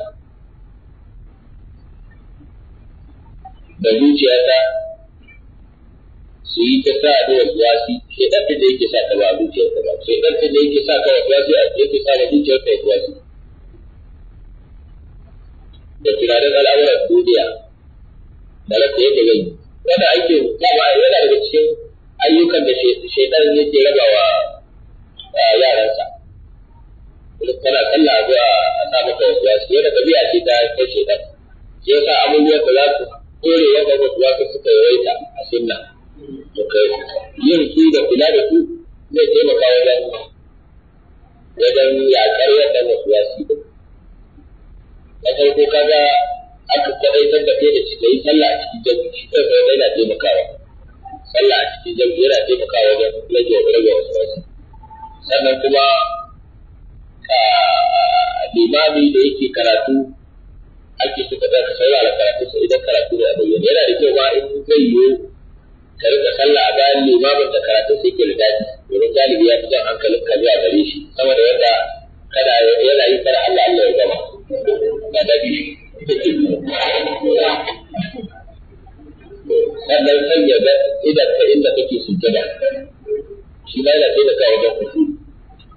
Speaker 1: da zuciyata su yi ta sa a da kwasi sai ɗarfe da yake sa ta ba zuciyarka ba sai ɗarfe da yake sa ka kwasi a yake sa da zuciyarka kwasi da tunanin al'amuran duniya da rasa yadda zai wanda ake kama yana daga cikin ayyukan da shaidan yake raba wa yaransa kana sallah zuwa a sa maka wasu yadda tafiya ce ta shaidan shi yasa abubuwan da za su kore ya zama kuwa ka suka yawaita a sunna to kai yin su da kula da su zai taimaka wajen wajen yaƙar yadda wasu wasu na farko kaga aka kwaɗaitar da kai da shi ka yi sallah a cikin jami'i shi kai na taimaka taimakawa sallah a cikin jami'i yana taimakawa wajen rage rage wasu wasu sannan kuma ah, limami da yake karatu ake suka za ka saurara karatunsa idan karatu ne a bayyana yana da kyau ma in zai yiwu ka rika sallah a bayan limamin da karatunsa yake da daɗi domin galibi ya fi jan hankalin ka zuwa gare shi sama da wanda kana yana yi kana Allah Allah ya gama ba daɗi sannan sanya ga idan ka inda kake sujjada shi ma yana taimakawa wajen kusuri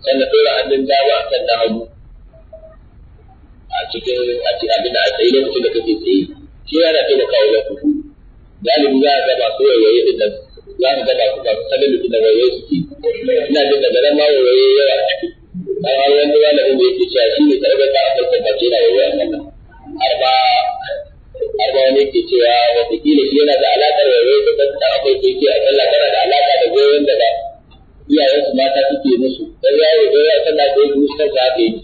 Speaker 1: sannan tura hannun dama kan na hagu a cikin a cikin abin da a tsaye lokacin da kake tsaye shi yana taimakawa wajen kuku galibi za a gaba su yayaye din nan za a gaba su ba sanin da wayaye suke ina jin daga nan ma yawa a ciki dan har wani malamin da yake cewa shi ne tarbiyyar da aka tabbace na a nan
Speaker 2: har ma har
Speaker 1: wani ke cewa wataƙila shi yana da alaƙar wayaye da ta akwai ko ke akalla da alaƙa da goyon da ba iyayensu mata suke musu dan yawo ya tana da musu